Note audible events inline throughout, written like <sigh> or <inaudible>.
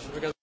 és hogy ez a jelentés.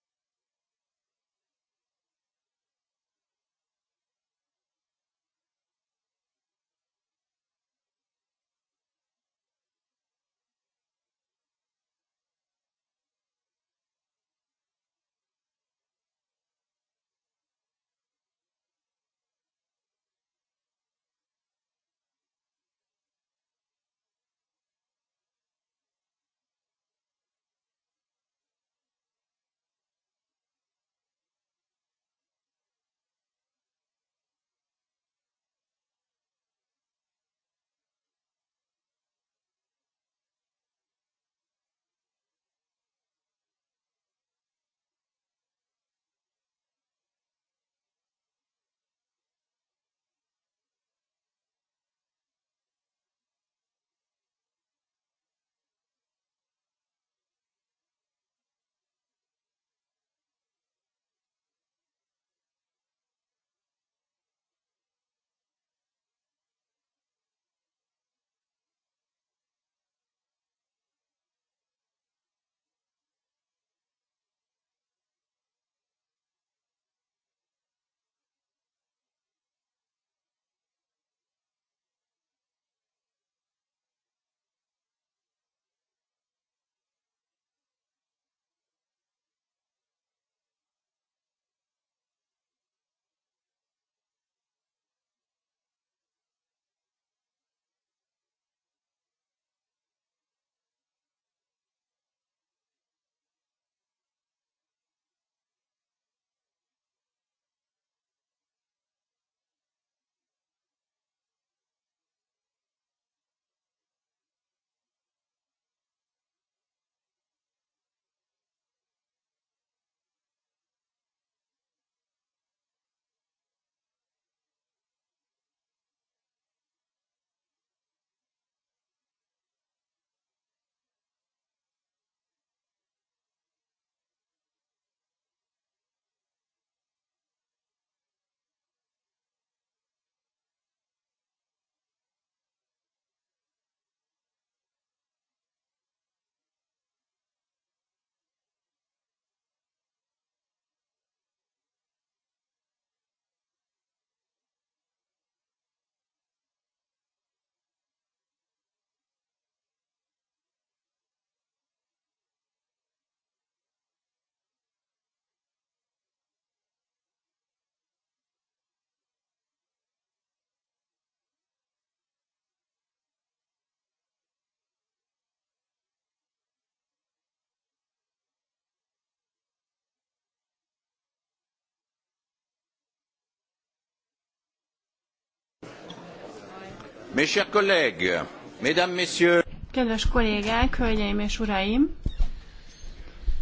Mes chers collègues, mesdames, messieurs. Kedves kollégák, hölgyeim és uraim!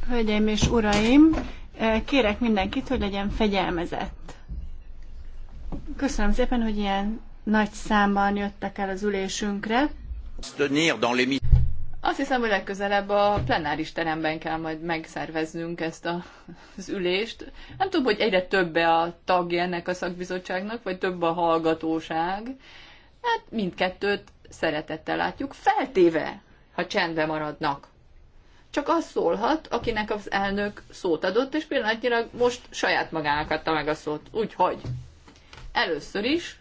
Hölgyeim és uraim, kérek mindenkit, hogy legyen fegyelmezett. Köszönöm szépen, hogy ilyen nagy számban jöttek el az ülésünkre. Azt hiszem, hogy legközelebb a plenáris teremben kell majd megszerveznünk ezt a, az ülést. Nem tudom, hogy egyre többe a tagja ennek a szakbizottságnak, vagy több a hallgatóság. Hát mindkettőt szeretettel látjuk, feltéve, ha csendbe maradnak. Csak az szólhat, akinek az elnök szót adott, és pillanatnyilag most saját magának adta meg a szót. Úgyhogy először is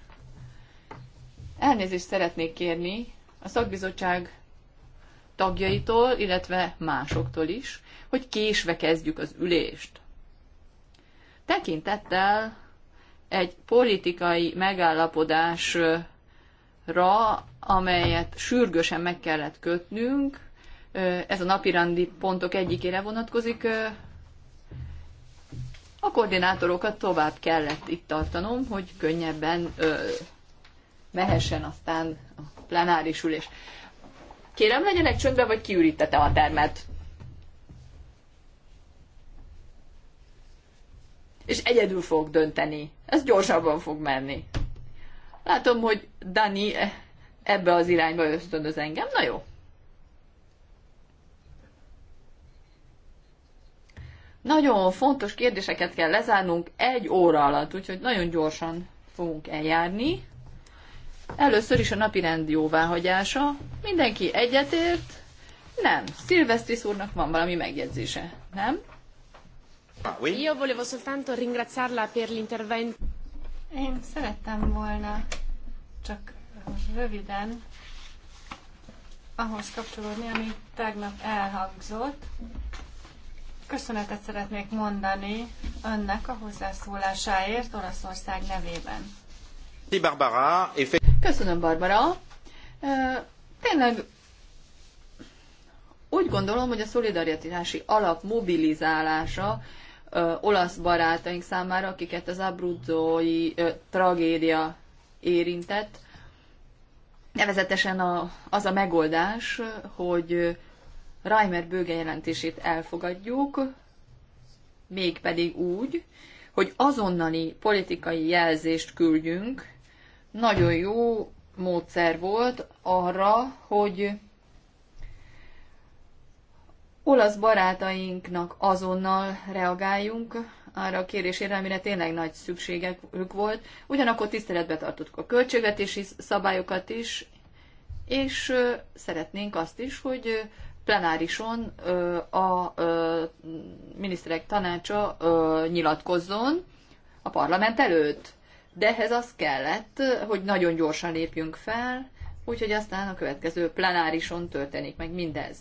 elnézést szeretnék kérni a szakbizottság tagjaitól, illetve másoktól is, hogy késve kezdjük az ülést. Tekintettel egy politikai megállapodás ra, amelyet sürgősen meg kellett kötnünk. Ez a napirandi pontok egyikére vonatkozik. A koordinátorokat tovább kellett itt tartanom, hogy könnyebben mehessen aztán a plenáris ülés. Kérem, legyenek csöndben, vagy kiürítette a termet. És egyedül fog dönteni. Ez gyorsabban fog menni. Látom, hogy Dani ebbe az irányba ösztönöz engem. Na jó. Nagyon fontos kérdéseket kell lezárnunk egy óra alatt, úgyhogy nagyon gyorsan fogunk eljárni. Először is a napi rend jóváhagyása. Mindenki egyetért? Nem. Szilvesztris úrnak van valami megjegyzése, nem? Ah, Io volevo soltanto ringraziarla per l'intervento. Én szerettem volna csak röviden ahhoz kapcsolódni, ami tegnap elhangzott. Köszönetet szeretnék mondani önnek a hozzászólásáért Olaszország nevében. Köszönöm, Barbara. Tényleg úgy gondolom, hogy a szolidaritási alap mobilizálása olasz barátaink számára, akiket az abruzzói tragédia érintett. Nevezetesen a, az a megoldás, hogy Reimer bőge jelentését elfogadjuk, mégpedig úgy, hogy azonnali politikai jelzést küldjünk. Nagyon jó módszer volt arra, hogy olasz barátainknak azonnal reagáljunk arra a kérésére, amire tényleg nagy szükségük volt. Ugyanakkor tiszteletbe tartottuk a költségvetési szabályokat is, és szeretnénk azt is, hogy plenárison a miniszterek tanácsa nyilatkozzon a parlament előtt. De ehhez az kellett, hogy nagyon gyorsan lépjünk fel, úgyhogy aztán a következő plenárison történik meg mindez.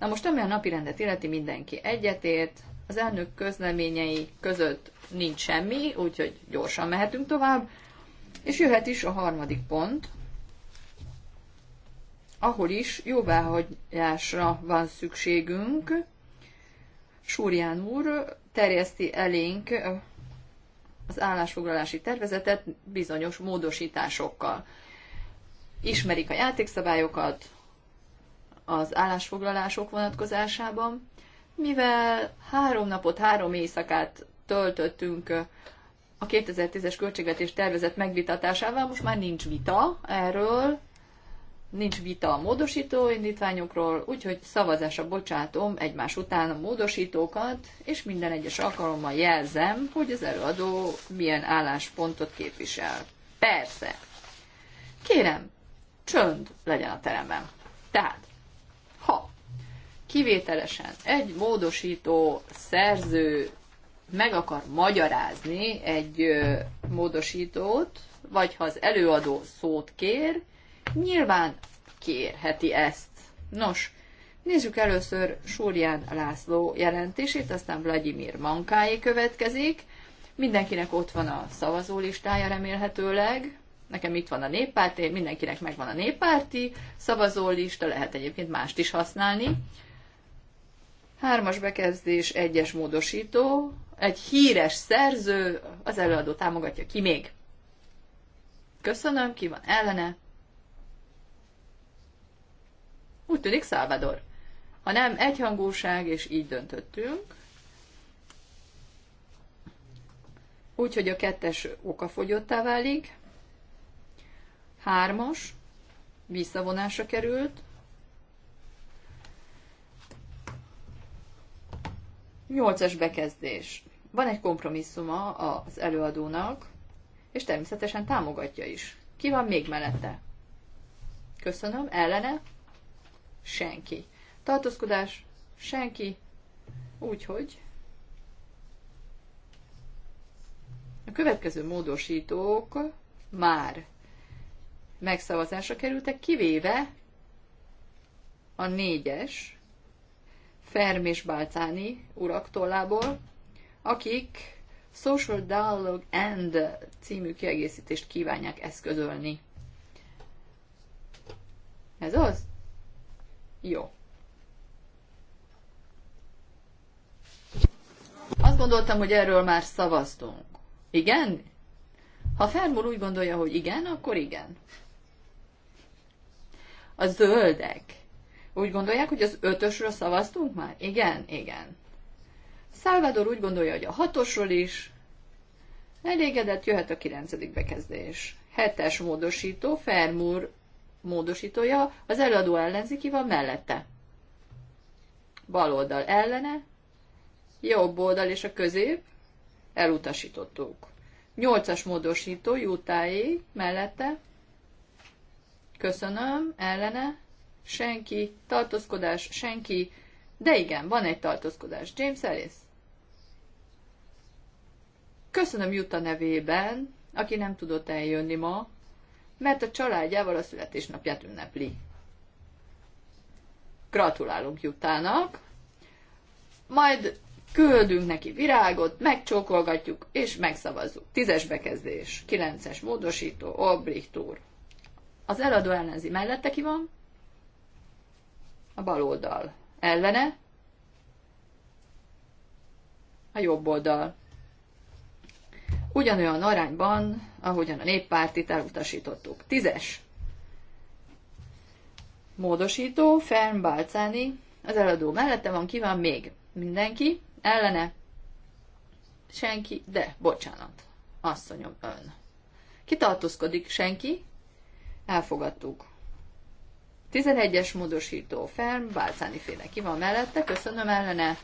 Na most, ami a napirendet illeti, mindenki egyetért, az elnök közleményei között nincs semmi, úgyhogy gyorsan mehetünk tovább, és jöhet is a harmadik pont, ahol is jóváhagyásra van szükségünk. Súrján úr terjeszti elénk az állásfoglalási tervezetet bizonyos módosításokkal. Ismerik a játékszabályokat, az állásfoglalások vonatkozásában, mivel három napot, három éjszakát töltöttünk a 2010-es költségvetés tervezet megvitatásával, most már nincs vita erről, nincs vita a módosító indítványokról, úgyhogy szavazásra bocsátom egymás után a módosítókat, és minden egyes alkalommal jelzem, hogy az előadó milyen álláspontot képvisel. Persze. Kérem, csönd legyen a teremben. Tehát, kivételesen egy módosító szerző meg akar magyarázni egy módosítót, vagy ha az előadó szót kér, nyilván kérheti ezt. Nos, nézzük először Súrján László jelentését, aztán Vladimir Mankáé következik. Mindenkinek ott van a szavazólistája, remélhetőleg. Nekem itt van a néppárti, mindenkinek megvan a néppárti szavazólista, lehet egyébként mást is használni. Hármas bekezdés, egyes módosító, egy híres szerző, az előadó támogatja ki még. Köszönöm, ki van ellene? Úgy tűnik Salvador. Ha nem, egyhangúság, és így döntöttünk. Úgyhogy a kettes okafogyottá válik. Hármas, visszavonásra került. Nyolcas bekezdés. Van egy kompromisszuma az előadónak, és természetesen támogatja is. Ki van még mellette? Köszönöm. Ellene? Senki. Tartózkodás? Senki. Úgyhogy a következő módosítók már megszavazásra kerültek, kivéve a négyes, Ferm és Balcáni urak tollából, akik Social Dialogue and című kiegészítést kívánják eszközölni. Ez az? Jó. Azt gondoltam, hogy erről már szavaztunk. Igen? Ha Fermor úgy gondolja, hogy igen, akkor igen. A zöldek úgy gondolják, hogy az ötösről szavaztunk már? Igen, igen. Szálvador úgy gondolja, hogy a hatosról is. Elégedett, jöhet a kilencedik bekezdés. Hetes módosító, Fermúr módosítója, az előadó ellenzéki van mellette. Bal oldal ellene, jobb oldal és a közép, elutasítottuk. Nyolcas módosító, jutáig, mellette, köszönöm, ellene, senki, tartózkodás, senki, de igen, van egy tartózkodás. James Ellis. Köszönöm Jutta nevében, aki nem tudott eljönni ma, mert a családjával a születésnapját ünnepli. Gratulálunk Jutának, majd küldünk neki virágot, megcsókolgatjuk és megszavazzuk. Tízes bekezdés, kilences módosító, Olbricht úr. Az eladó ellenzi mellette ki van? a bal oldal, Ellene a jobb oldal. Ugyanolyan arányban, ahogyan a néppártit elutasítottuk. Tízes. Módosító, Fern Balcani, az eladó mellette van, ki van még? Mindenki, ellene, senki, de, bocsánat, asszonyom, ön. Kitartózkodik senki, elfogadtuk. 11-es módosító fenn, Bálcáni féle ki van mellette, köszönöm ellene.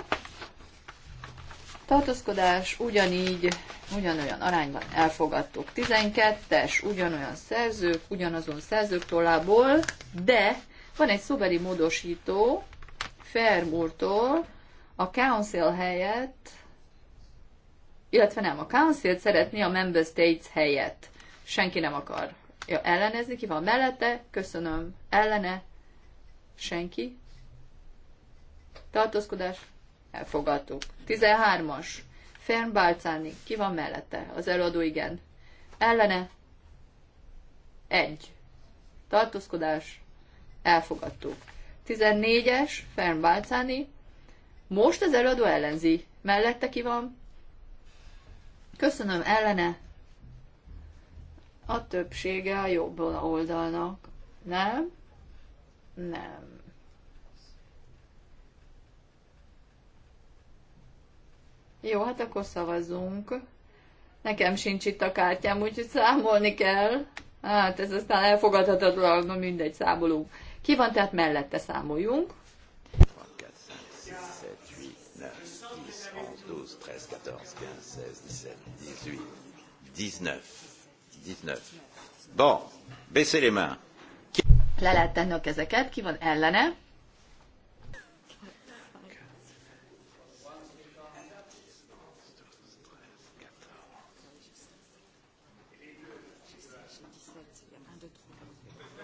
Tartózkodás ugyanígy, ugyanolyan arányban elfogadtuk. 12-es, ugyanolyan szerzők, ugyanazon szerzők tollából, de van egy szobeli módosító, Fairmúrtól, a Council helyett, illetve nem, a Council szeretné a Member States helyett. Senki nem akar Ja, ellenezni ki van mellette, köszönöm. Ellene, senki. Tartózkodás, elfogadtuk. 13-as, Fern Bálcáni, ki van mellette? Az előadó igen. Ellene, egy. Tartózkodás, elfogadtuk. 14-es, Fern Bálcáni, most az előadó ellenzi. Mellette ki van? Köszönöm, ellene, a többsége a jobb oldalnak. Nem? Nem. Jó, hát akkor szavazzunk. Nekem sincs itt a kártyám, úgyhogy számolni kell. Hát ez aztán elfogadhatatlan, na mindegy, számolunk. Ki van, tehát mellette számoljunk. 19, 19. Bon, baissez les mains. Le lehet tenni a kezeket, ki van ellene?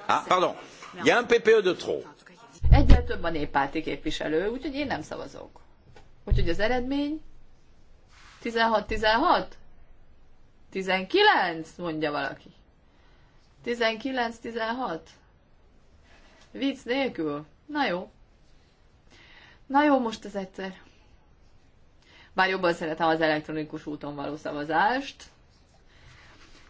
Ah, pardon. Il y a un PPE de trop. Egyel több a néppárti képviselő, úgyhogy én nem szavazok. Úgyhogy az eredmény 16-16? 19, mondja valaki. 19-16? Vicc nélkül? Na jó. Na jó, most ez egyszer. Bár jobban szeretem az elektronikus úton való szavazást.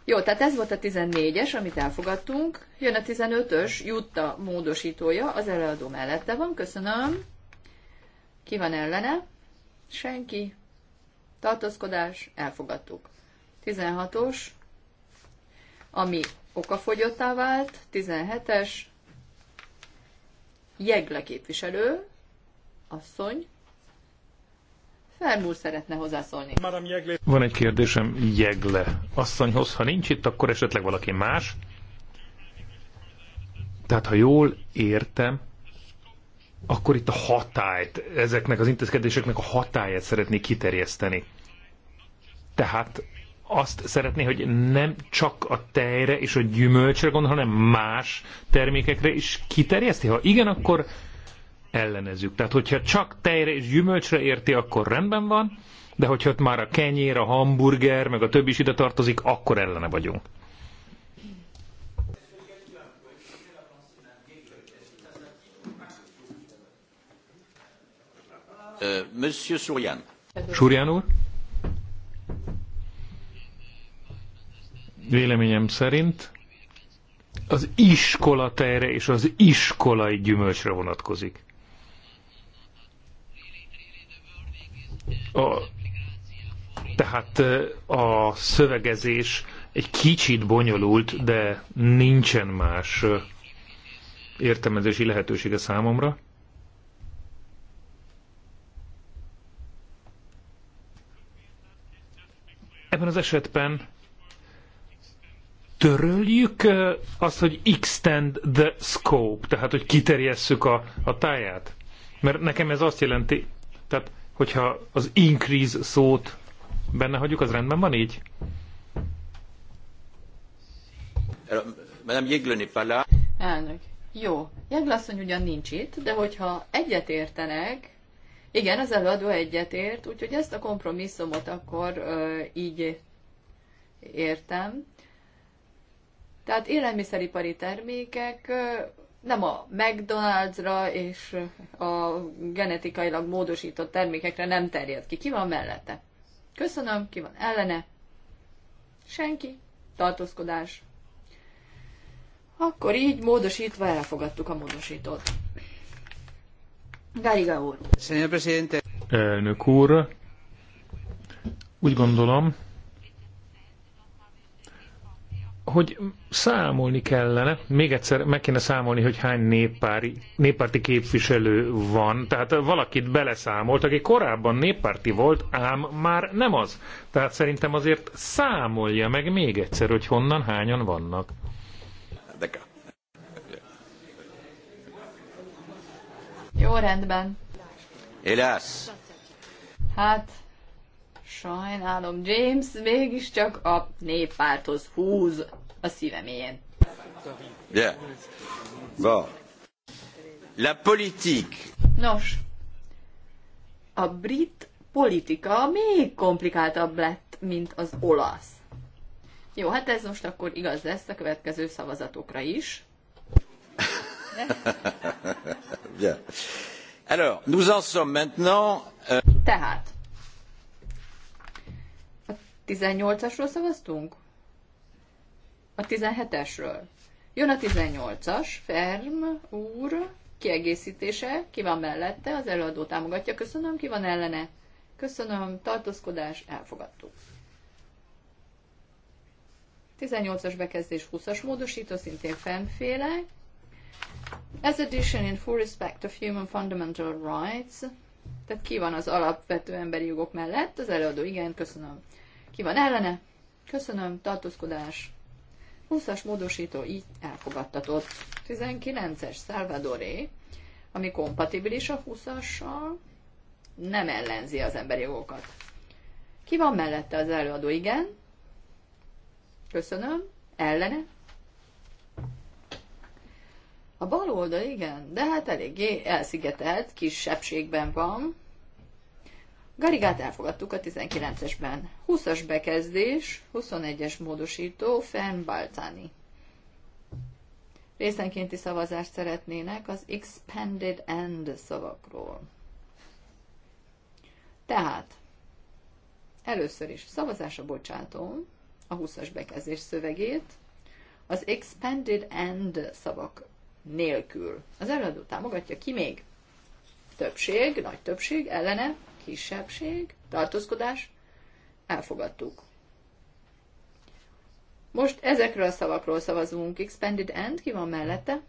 Jó, tehát ez volt a 14-es, amit elfogadtunk. Jön a 15-ös, Jutta módosítója, az előadó mellette van, köszönöm. Ki van ellene? Senki. Tartózkodás, elfogadtuk. 16-os, ami okafogyottá vált, 17-es, jegle képviselő, asszony, Fermúr szeretne hozzászólni. Van egy kérdésem Jegle asszonyhoz, ha nincs itt, akkor esetleg valaki más. Tehát ha jól értem, akkor itt a hatályt, ezeknek az intézkedéseknek a hatályát szeretnék kiterjeszteni. Tehát azt szeretné, hogy nem csak a tejre és a gyümölcsre gondol, hanem más termékekre is kiterjeszti? Ha igen, akkor ellenezzük. Tehát, hogyha csak tejre és gyümölcsre érti, akkor rendben van, de hogyha ott már a kenyér, a hamburger, meg a többi is ide tartozik, akkor ellene vagyunk. Monsieur Surján. Surján úr? véleményem szerint az iskola tejre és az iskolai gyümölcsre vonatkozik. A, tehát a szövegezés egy kicsit bonyolult, de nincsen más értelmezési lehetősége számomra. Ebben az esetben töröljük azt, hogy extend the scope, tehát hogy kiterjesszük a, a táját? Mert nekem ez azt jelenti, tehát hogyha az increase szót benne hagyjuk, az rendben van így? Madame Jégle n'est pas là. Elnök. Jó. Jégle asszony ugyan nincs itt, de hogyha egyet értenek, igen, az előadó egyetért, úgyhogy ezt a kompromisszumot akkor uh, így értem. Tehát élelmiszeripari termékek nem a McDonald'sra és a genetikailag módosított termékekre nem terjed ki. Ki van mellette? Köszönöm, ki van ellene? Senki. Tartózkodás. Akkor így módosítva elfogadtuk a módosítót. Gariga úr. Elnök úr, úgy gondolom, hogy számolni kellene, még egyszer meg kéne számolni, hogy hány néppári, néppárti képviselő van. Tehát valakit beleszámolt, aki korábban néppárti volt, ám már nem az. Tehát szerintem azért számolja meg még egyszer, hogy honnan hányan vannak. Jó, rendben. Élesz. Hát, Sajnálom, James mégiscsak a néppárthoz húz a szívemén. Yeah. Bon. La politique. Nos, a brit politika még komplikáltabb lett, mint az olasz. Jó, hát ez most akkor igaz lesz a következő szavazatokra is. <laughs> Bien. Alors, nous en sommes maintenant... Euh, Tehát, 18-asról szavaztunk? A 17-esről. Jön a 18-as, Ferm úr, kiegészítése, ki van mellette, az előadó támogatja, köszönöm, ki van ellene, köszönöm, tartózkodás, elfogadtuk. 18-as bekezdés 20-as módosító, szintén fennféle. As addition in full respect of human fundamental rights, tehát ki van az alapvető emberi jogok mellett, az előadó igen, köszönöm. Ki van ellene? Köszönöm, tartózkodás. 20-as módosító így elfogadtatott. 19-es Salvadoré, ami kompatibilis a 20-assal, nem ellenzi az emberi jogokat. Ki van mellette az előadó? Igen. Köszönöm. Ellene? A bal oldal, igen, de hát eléggé elszigetelt, kisebbségben van. Garigát elfogadtuk a 19-esben. 20-as bekezdés, 21-es módosító, Fern Baltani. Részenkénti szavazást szeretnének az expanded end szavakról. Tehát, először is szavazásra bocsátom a 20-as bekezdés szövegét, az expanded end szavak nélkül. Az előadó támogatja ki még? Többség, nagy többség, ellene, kisebbség, tartózkodás, elfogadtuk. Most ezekről a szavakról szavazunk. Expanded End, ki van mellette?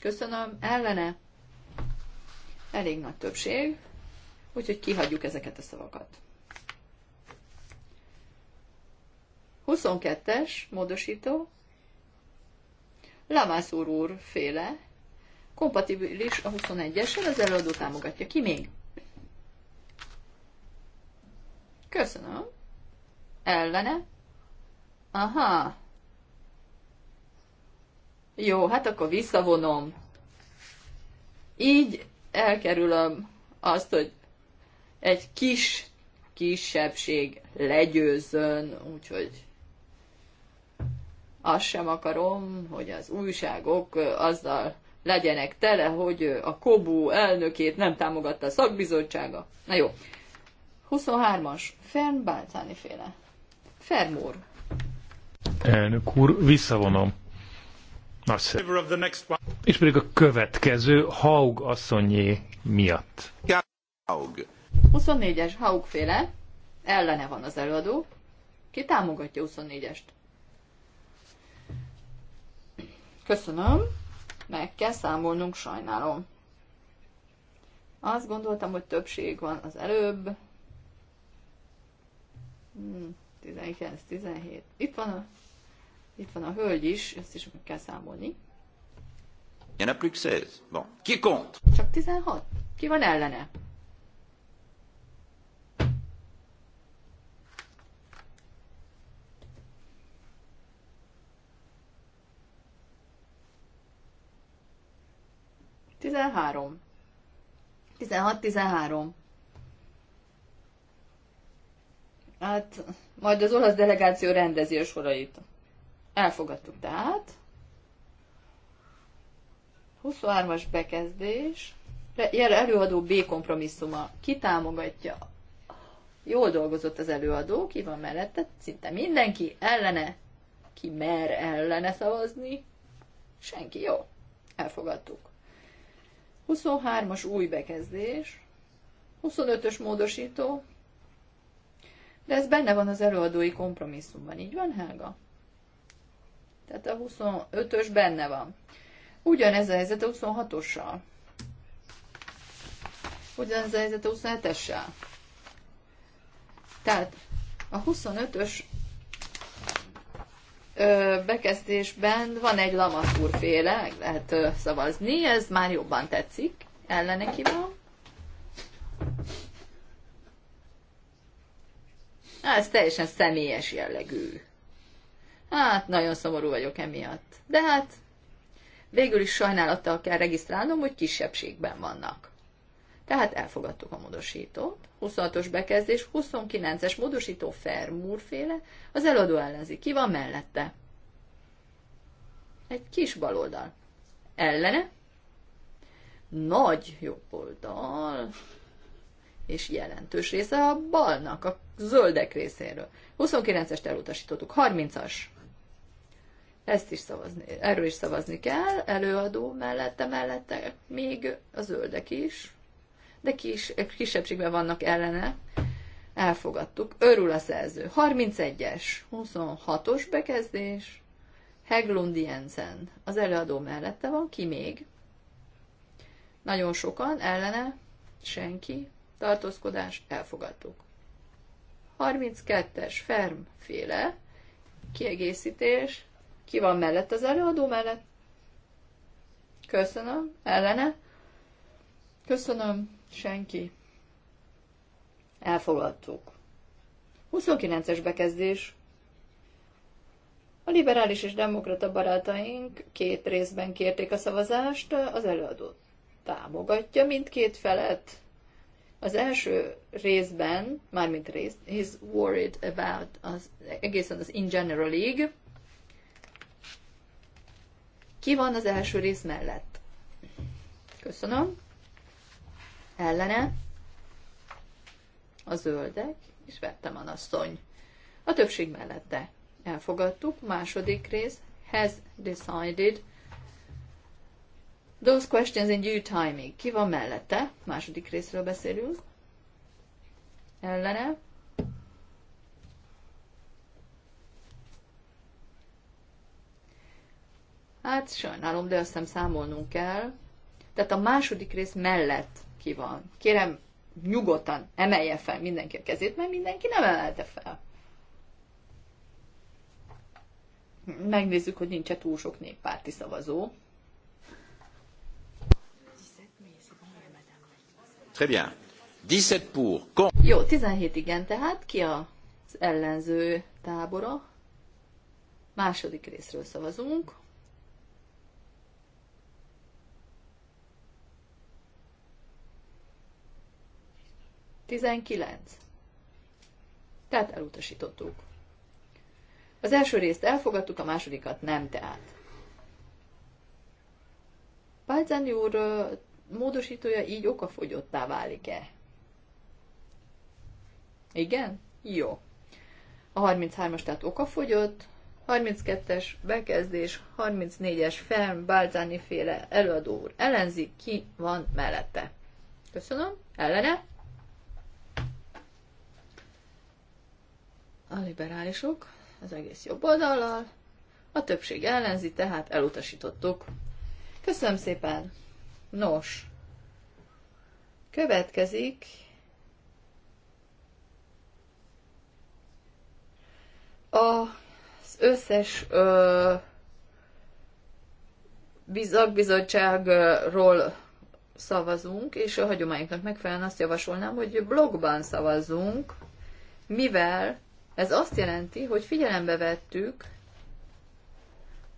Köszönöm, ellene. Elég nagy többség, úgyhogy kihagyjuk ezeket a szavakat. 22-es módosító, Lamászúr úr féle, kompatibilis a 21-essel, az előadó támogatja. Ki még? Köszönöm. Ellene? Aha. Jó, hát akkor visszavonom. Így elkerülöm azt, hogy egy kis kisebbség legyőzön, úgyhogy azt sem akarom, hogy az újságok azzal legyenek tele, hogy a Kobu elnökét nem támogatta a szakbizottsága. Na jó. 23-as. Fern Bálcáni féle. Fermor. Elnök úr, visszavonom. Nagyszerű. És pedig a következő Haug asszonyé miatt. Haug. 24-es Haug féle. Ellene van az előadó. Ki támogatja 24-est? Köszönöm meg kell számolnunk, sajnálom. Azt gondoltam, hogy többség van az előbb. Hmm, 19-17. Itt van a, itt van a hölgy is, ezt is meg kell számolni. Il y en a plus que 16. Bon. Qui compte? Csak 16. Ki van ellene? 13. 16-13. Hát, majd az olasz delegáció rendezi a sorait. Elfogadtuk tehát. 23-as bekezdés. Előadó B kompromisszuma. Ki támogatja? Jól dolgozott az előadó, ki van mellette? Szinte mindenki ellene. Ki mer ellene szavazni? Senki, jó. Elfogadtuk. 23-as új bekezdés, 25-ös módosító, de ez benne van az előadói kompromisszumban, így van, Helga? Tehát a 25-ös benne van. Ugyanez a helyzet a 26-ossal. Ugyanez a helyzet a 27-essel. Tehát a 25-ös bekezdésben van egy lamatúrféle, meg lehet szavazni, ez már jobban tetszik. Ellene kíván. Ez teljesen személyes jellegű. Hát, nagyon szomorú vagyok emiatt. De hát, végül is sajnálattal kell regisztrálnom, hogy kisebbségben vannak. Tehát elfogadtuk a módosítót. 26-os bekezdés, 29-es módosító Fermúrféle, az eladó ellenzi. Ki van mellette? Egy kis baloldal. Ellene? Nagy jobb oldal. És jelentős része a balnak, a zöldek részéről. 29-est elutasítottuk. 30-as. Ezt is szavazni, erről is szavazni kell, előadó mellette, mellette, még a zöldek is, de kis, kisebbségben vannak ellene. Elfogadtuk. Örül a szerző. 31-es, 26-os bekezdés. Heglund Jensen. Az előadó mellette van. Ki még? Nagyon sokan. Ellene? Senki. Tartózkodás. Elfogadtuk. 32-es Ferm féle. Kiegészítés. Ki van mellett az előadó mellett? Köszönöm. Ellene? Köszönöm. Senki. Elfogadtuk. 29-es bekezdés. A liberális és demokrata barátaink két részben kérték a szavazást, az előadó támogatja mindkét felet. Az első részben, mármint rész, he's worried about az, egészen az in general league. Ki van az első rész mellett? Köszönöm ellene, a zöldek, és vettem a nasszony. A többség mellette elfogadtuk. Második rész, has decided. Those questions in due timing. Ki van mellette? Második részről beszélünk. Ellene. Hát sajnálom, de azt hiszem számolnunk kell. Tehát a második rész mellett ki van. Kérem, nyugodtan emelje fel mindenki a kezét, mert mindenki nem emelte fel. Megnézzük, hogy nincs-e túl sok néppárti szavazó. Très bien. 17 pour. Con... Jó, 17 igen, tehát ki az ellenző tábora? Második részről szavazunk. 19. Tehát elutasítottuk. Az első részt elfogadtuk, a másodikat nem tehát. Pálcáni úr módosítója így okafogyottá válik-e? Igen? Jó. A 33-as tehát okafogyott, 32-es bekezdés, 34-es fenn, Balzani féle előadó úr ellenzi, ki van mellette. Köszönöm. Ellene? a liberálisok az egész jobb oldallal, a többség ellenzi, tehát elutasítottuk. Köszönöm szépen! Nos, következik az összes ö, szakbizottságról szavazunk, és a hagyományoknak megfelelően azt javasolnám, hogy blogban szavazzunk, mivel ez azt jelenti, hogy figyelembe vettük,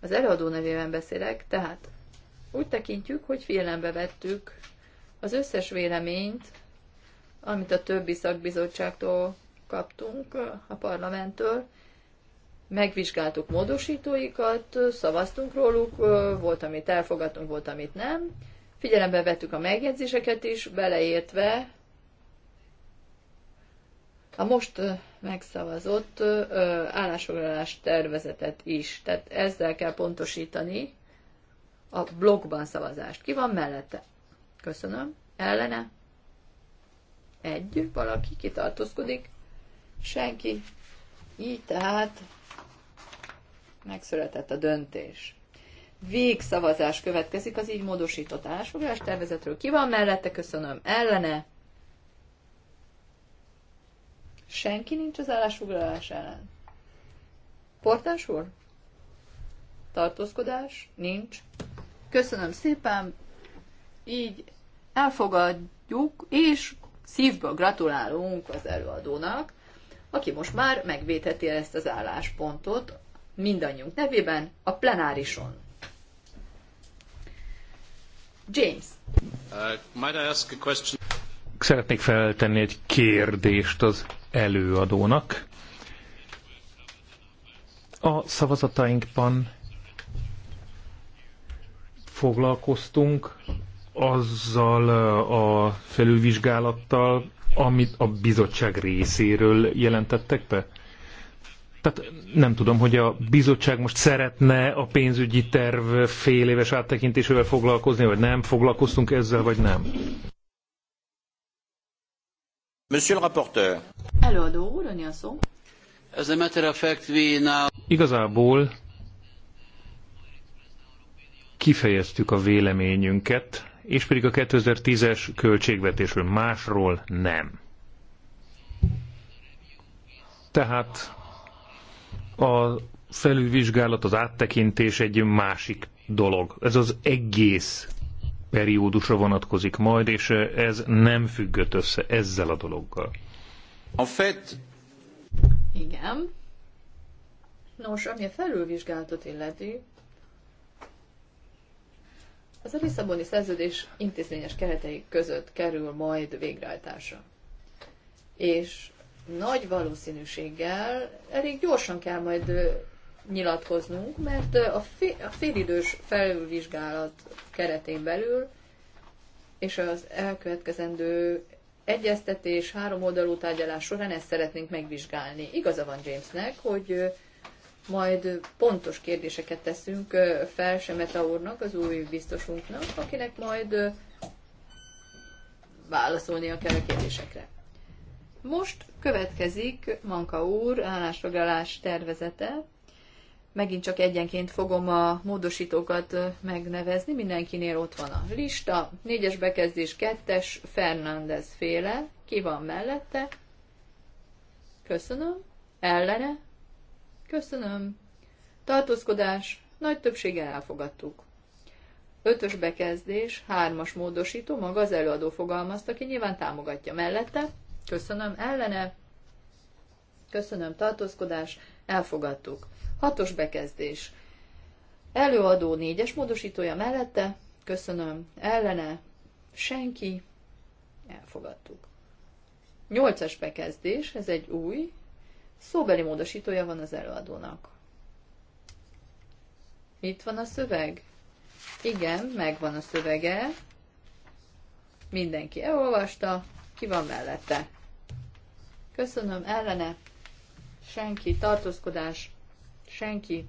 az előadó nevében beszélek, tehát úgy tekintjük, hogy figyelembe vettük az összes véleményt, amit a többi szakbizottságtól kaptunk a parlamenttől, megvizsgáltuk módosítóikat, szavaztunk róluk, volt, amit elfogadtunk, volt, amit nem. Figyelembe vettük a megjegyzéseket is, beleértve a most megszavazott állásfoglalás tervezetet is. Tehát ezzel kell pontosítani a blogban szavazást. Ki van mellette? Köszönöm. Ellene? Egy. Valaki kitartózkodik? Senki. Így tehát megszületett a döntés. Végszavazás következik az így módosított állásfoglalás tervezetről. Ki van mellette? Köszönöm. Ellene? Senki nincs az állásfoglalás ellen. Portás úr? Tartózkodás? Nincs. Köszönöm szépen. Így elfogadjuk, és szívből gratulálunk az előadónak, aki most már megvédheti ezt az álláspontot mindannyiunk nevében a plenárison. James. Uh, might I ask a question? Szeretnék feltenni egy kérdést az előadónak. A szavazatainkban foglalkoztunk azzal a felülvizsgálattal, amit a bizottság részéről jelentettek be? Tehát nem tudom, hogy a bizottság most szeretne a pénzügyi terv fél éves áttekintésével foglalkozni, vagy nem, foglalkoztunk ezzel, vagy nem. Monsieur le rapporteur. As a matter of fact, we now... Igazából kifejeztük a véleményünket, és pedig a 2010-es költségvetésről másról nem. Tehát a felülvizsgálat, az áttekintés egy másik dolog. Ez az egész periódusra vonatkozik majd, és ez nem függött össze ezzel a dologgal. A FED... Igen. Nos, ami a felülvizsgálatot illeti, az a Lisszaboni szerződés intézményes keretei között kerül majd végrehajtása. És nagy valószínűséggel elég gyorsan kell majd nyilatkoznunk, mert a, fél, a félidős felülvizsgálat keretén belül és az elkövetkezendő egyeztetés, három oldalú tárgyalás során ezt szeretnénk megvizsgálni. Igaza van Jamesnek, hogy majd pontos kérdéseket teszünk fel Semeta úrnak, az új biztosunknak, akinek majd válaszolnia kell a kérdésekre. Most következik Manka úr állásfoglalás tervezete megint csak egyenként fogom a módosítókat megnevezni, mindenkinél ott van a lista, négyes bekezdés, kettes, Fernández féle, ki van mellette, köszönöm, ellene, köszönöm, tartózkodás, nagy többséggel elfogadtuk. Ötös bekezdés, hármas módosító, maga az előadó fogalmazta, aki nyilván támogatja mellette, köszönöm, ellene, köszönöm, tartózkodás, elfogadtuk. Hatos bekezdés. Előadó négyes módosítója mellette, köszönöm, ellene, senki, elfogadtuk. Nyolcas bekezdés, ez egy új, szóbeli módosítója van az előadónak. Itt van a szöveg? Igen, megvan a szövege. Mindenki elolvasta, ki van mellette? Köszönöm, ellene, senki, tartózkodás, senki,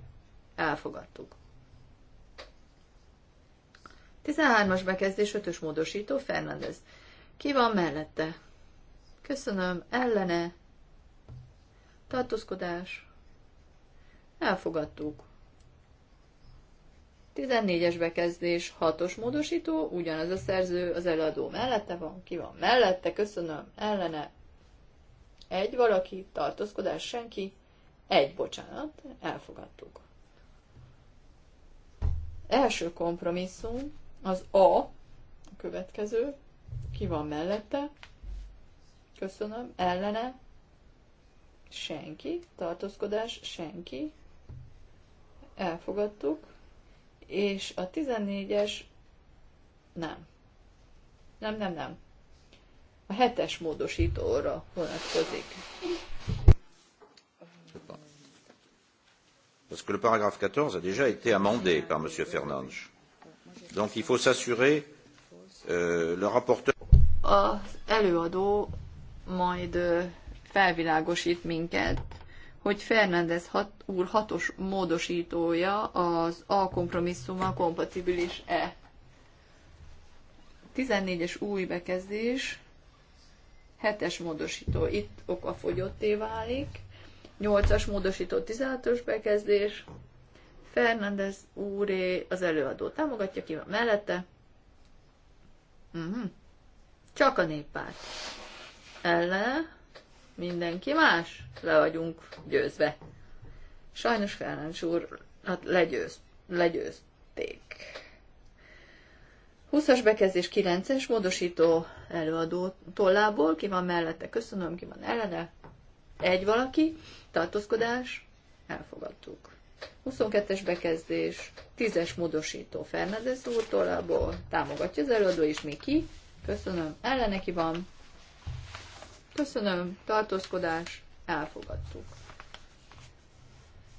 elfogadtuk. 13-as bekezdés, 5-ös módosító, Fernández. Ki van mellette? Köszönöm, ellene. Tartózkodás. Elfogadtuk. 14-es bekezdés, 6-os módosító, ugyanaz a szerző, az eladó mellette van, ki van mellette, köszönöm, ellene. Egy valaki, tartózkodás senki, egy, bocsánat, elfogadtuk. Első kompromisszum az A, a következő, ki van mellette, köszönöm, ellene, senki, tartózkodás, senki, elfogadtuk, és a 14-es nem. Nem, nem, nem. A hetes módosítóra vonatkozik. parce que le paragraphe 14 a déjà été amendé par M. Fernandes. Donc il faut s'assurer, euh, le rapporteur... Az előadó majd euh, felvilágosít minket, hogy Fernández hat, úr hatos módosítója az A kompromisszummal kompatibilis-e. 14-es új bekezdés, 7-es módosító itt okafogyotté válik, 8-as módosított 16-os bekezdés. Fernández úré az előadó támogatja, ki van mellette. Uh-huh. Csak a néppárt. Elle. mindenki más le vagyunk győzve. Sajnos Fernández úr hát legyőz, legyőzték. 20-as bekezdés 9-es módosító előadó tollából, ki van mellette, köszönöm, ki van ellene, egy valaki, tartózkodás, elfogadtuk. 22-es bekezdés, 10-es módosító Fernández úr támogatja az előadó is, mi ki? Köszönöm, elleneki van. Köszönöm, tartózkodás, elfogadtuk.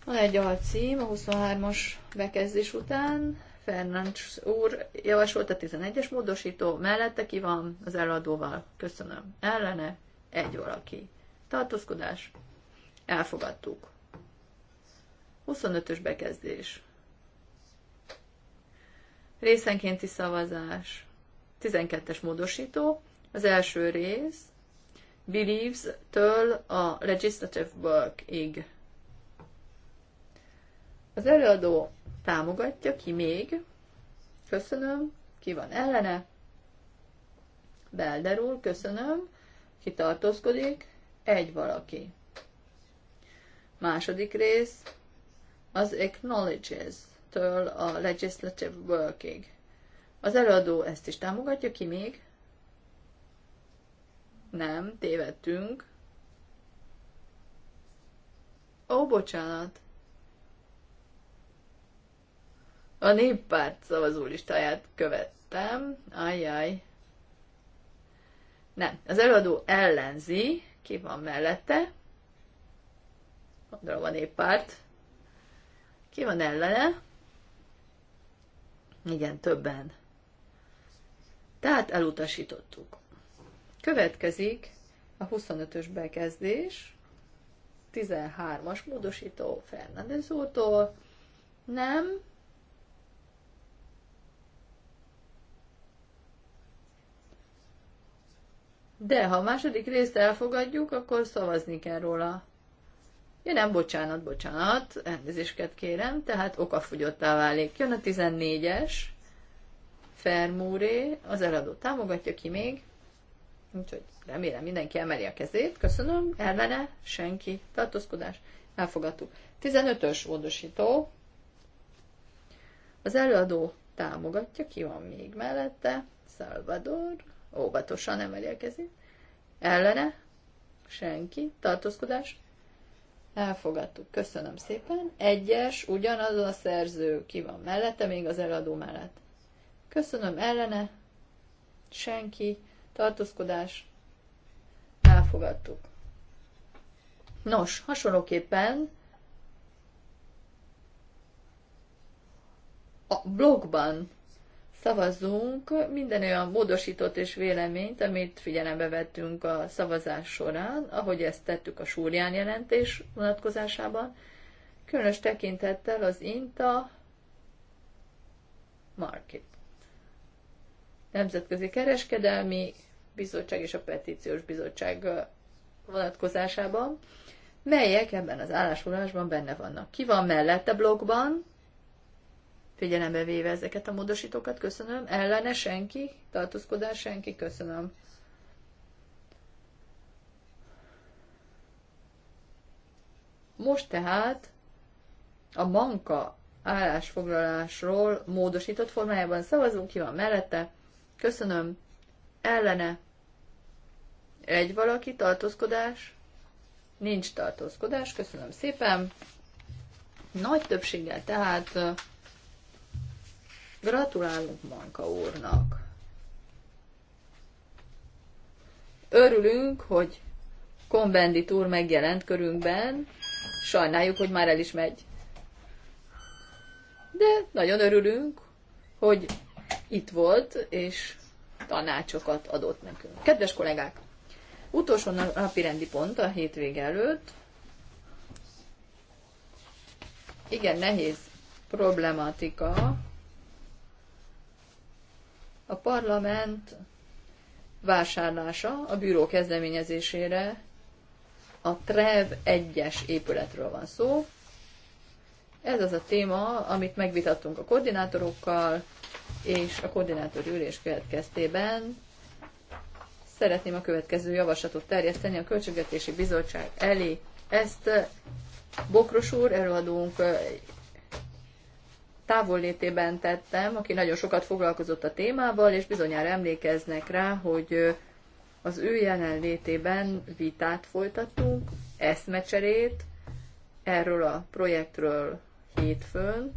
Van egy alcím a 23-as bekezdés után, Fernandes úr javasolt a 11-es módosító, mellette ki van az eladóval, köszönöm, ellene, egy valaki tartózkodás, elfogadtuk. 25-ös bekezdés. Részenkénti szavazás. 12-es módosító. Az első rész Believes-től a Legislative Work-ig. Az előadó támogatja, ki még. Köszönöm. Ki van ellene? Belderul, köszönöm. Ki tartózkodik? egy valaki. Második rész az acknowledges-től a legislative workig. Az előadó ezt is támogatja ki még? Nem, tévedtünk. Ó, bocsánat. A néppárt szavazólistáját követtem. Ajjaj. Nem, az előadó ellenzi, ki van mellette? Gondolom épp párt, Ki van ellene? Igen, többen. Tehát elutasítottuk. Következik a 25-ös bekezdés, 13-as módosító Fernández úrtól. Nem, De ha a második részt elfogadjuk, akkor szavazni kell róla. Ja nem, bocsánat, bocsánat, elnézést kérem, tehát okafogyottá válik. Jön a 14-es, Fermúré, az eladó támogatja ki még, úgyhogy remélem mindenki emeli a kezét, köszönöm, ellene, senki, tartózkodás, elfogadtuk. 15-ös módosító, az előadó támogatja, ki van még mellette, Salvador, óvatosan nem elérkezik. Ellene, senki, tartózkodás, elfogadtuk. Köszönöm szépen. Egyes, ugyanaz a szerző, ki van mellette, még az eladó mellett. Köszönöm, ellene, senki, tartózkodás, elfogadtuk. Nos, hasonlóképpen a blogban szavazzunk minden olyan módosított és véleményt, amit figyelembe vettünk a szavazás során, ahogy ezt tettük a súrján jelentés vonatkozásában, különös tekintettel az INTA Market. Nemzetközi Kereskedelmi Bizottság és a Petíciós Bizottság vonatkozásában, melyek ebben az állásfoglalásban benne vannak. Ki van mellette blogban, figyelembe véve ezeket a módosítókat. Köszönöm. Ellene senki? Tartózkodás senki? Köszönöm. Most tehát a banka állásfoglalásról módosított formájában szavazunk, ki van mellette. Köszönöm. Ellene. Egy valaki, tartózkodás. Nincs tartózkodás, köszönöm szépen. Nagy többséggel tehát Gratulálunk Manka úrnak. Örülünk, hogy konvendi úr megjelent körünkben. Sajnáljuk, hogy már el is megy. De nagyon örülünk, hogy itt volt, és tanácsokat adott nekünk. Kedves kollégák! Utolsó napi rendi pont a hétvége előtt. Igen, nehéz problematika, a parlament vásárlása a bűró kezdeményezésére a TREV 1-es épületről van szó. Ez az a téma, amit megvitattunk a koordinátorokkal, és a koordinátori ülés következtében szeretném a következő javaslatot terjeszteni a Költségvetési Bizottság elé. Ezt Bokros úr, előadónk távollétében tettem, aki nagyon sokat foglalkozott a témával, és bizonyára emlékeznek rá, hogy az ő jelenlétében vitát folytattunk, eszmecserét erről a projektről hétfőn,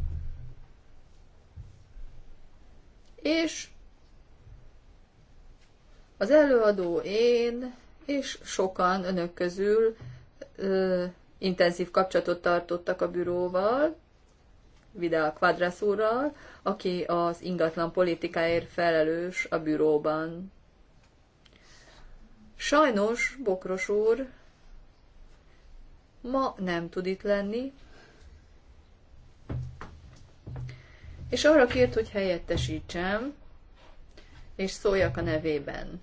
és az előadó én, és sokan önök közül ö, intenzív kapcsolatot tartottak a büróval, Vidal Quadras úrral, aki az ingatlan politikáért felelős a büróban. Sajnos, Bokros úr, ma nem tud itt lenni, és arra kért, hogy helyettesítsem, és szóljak a nevében.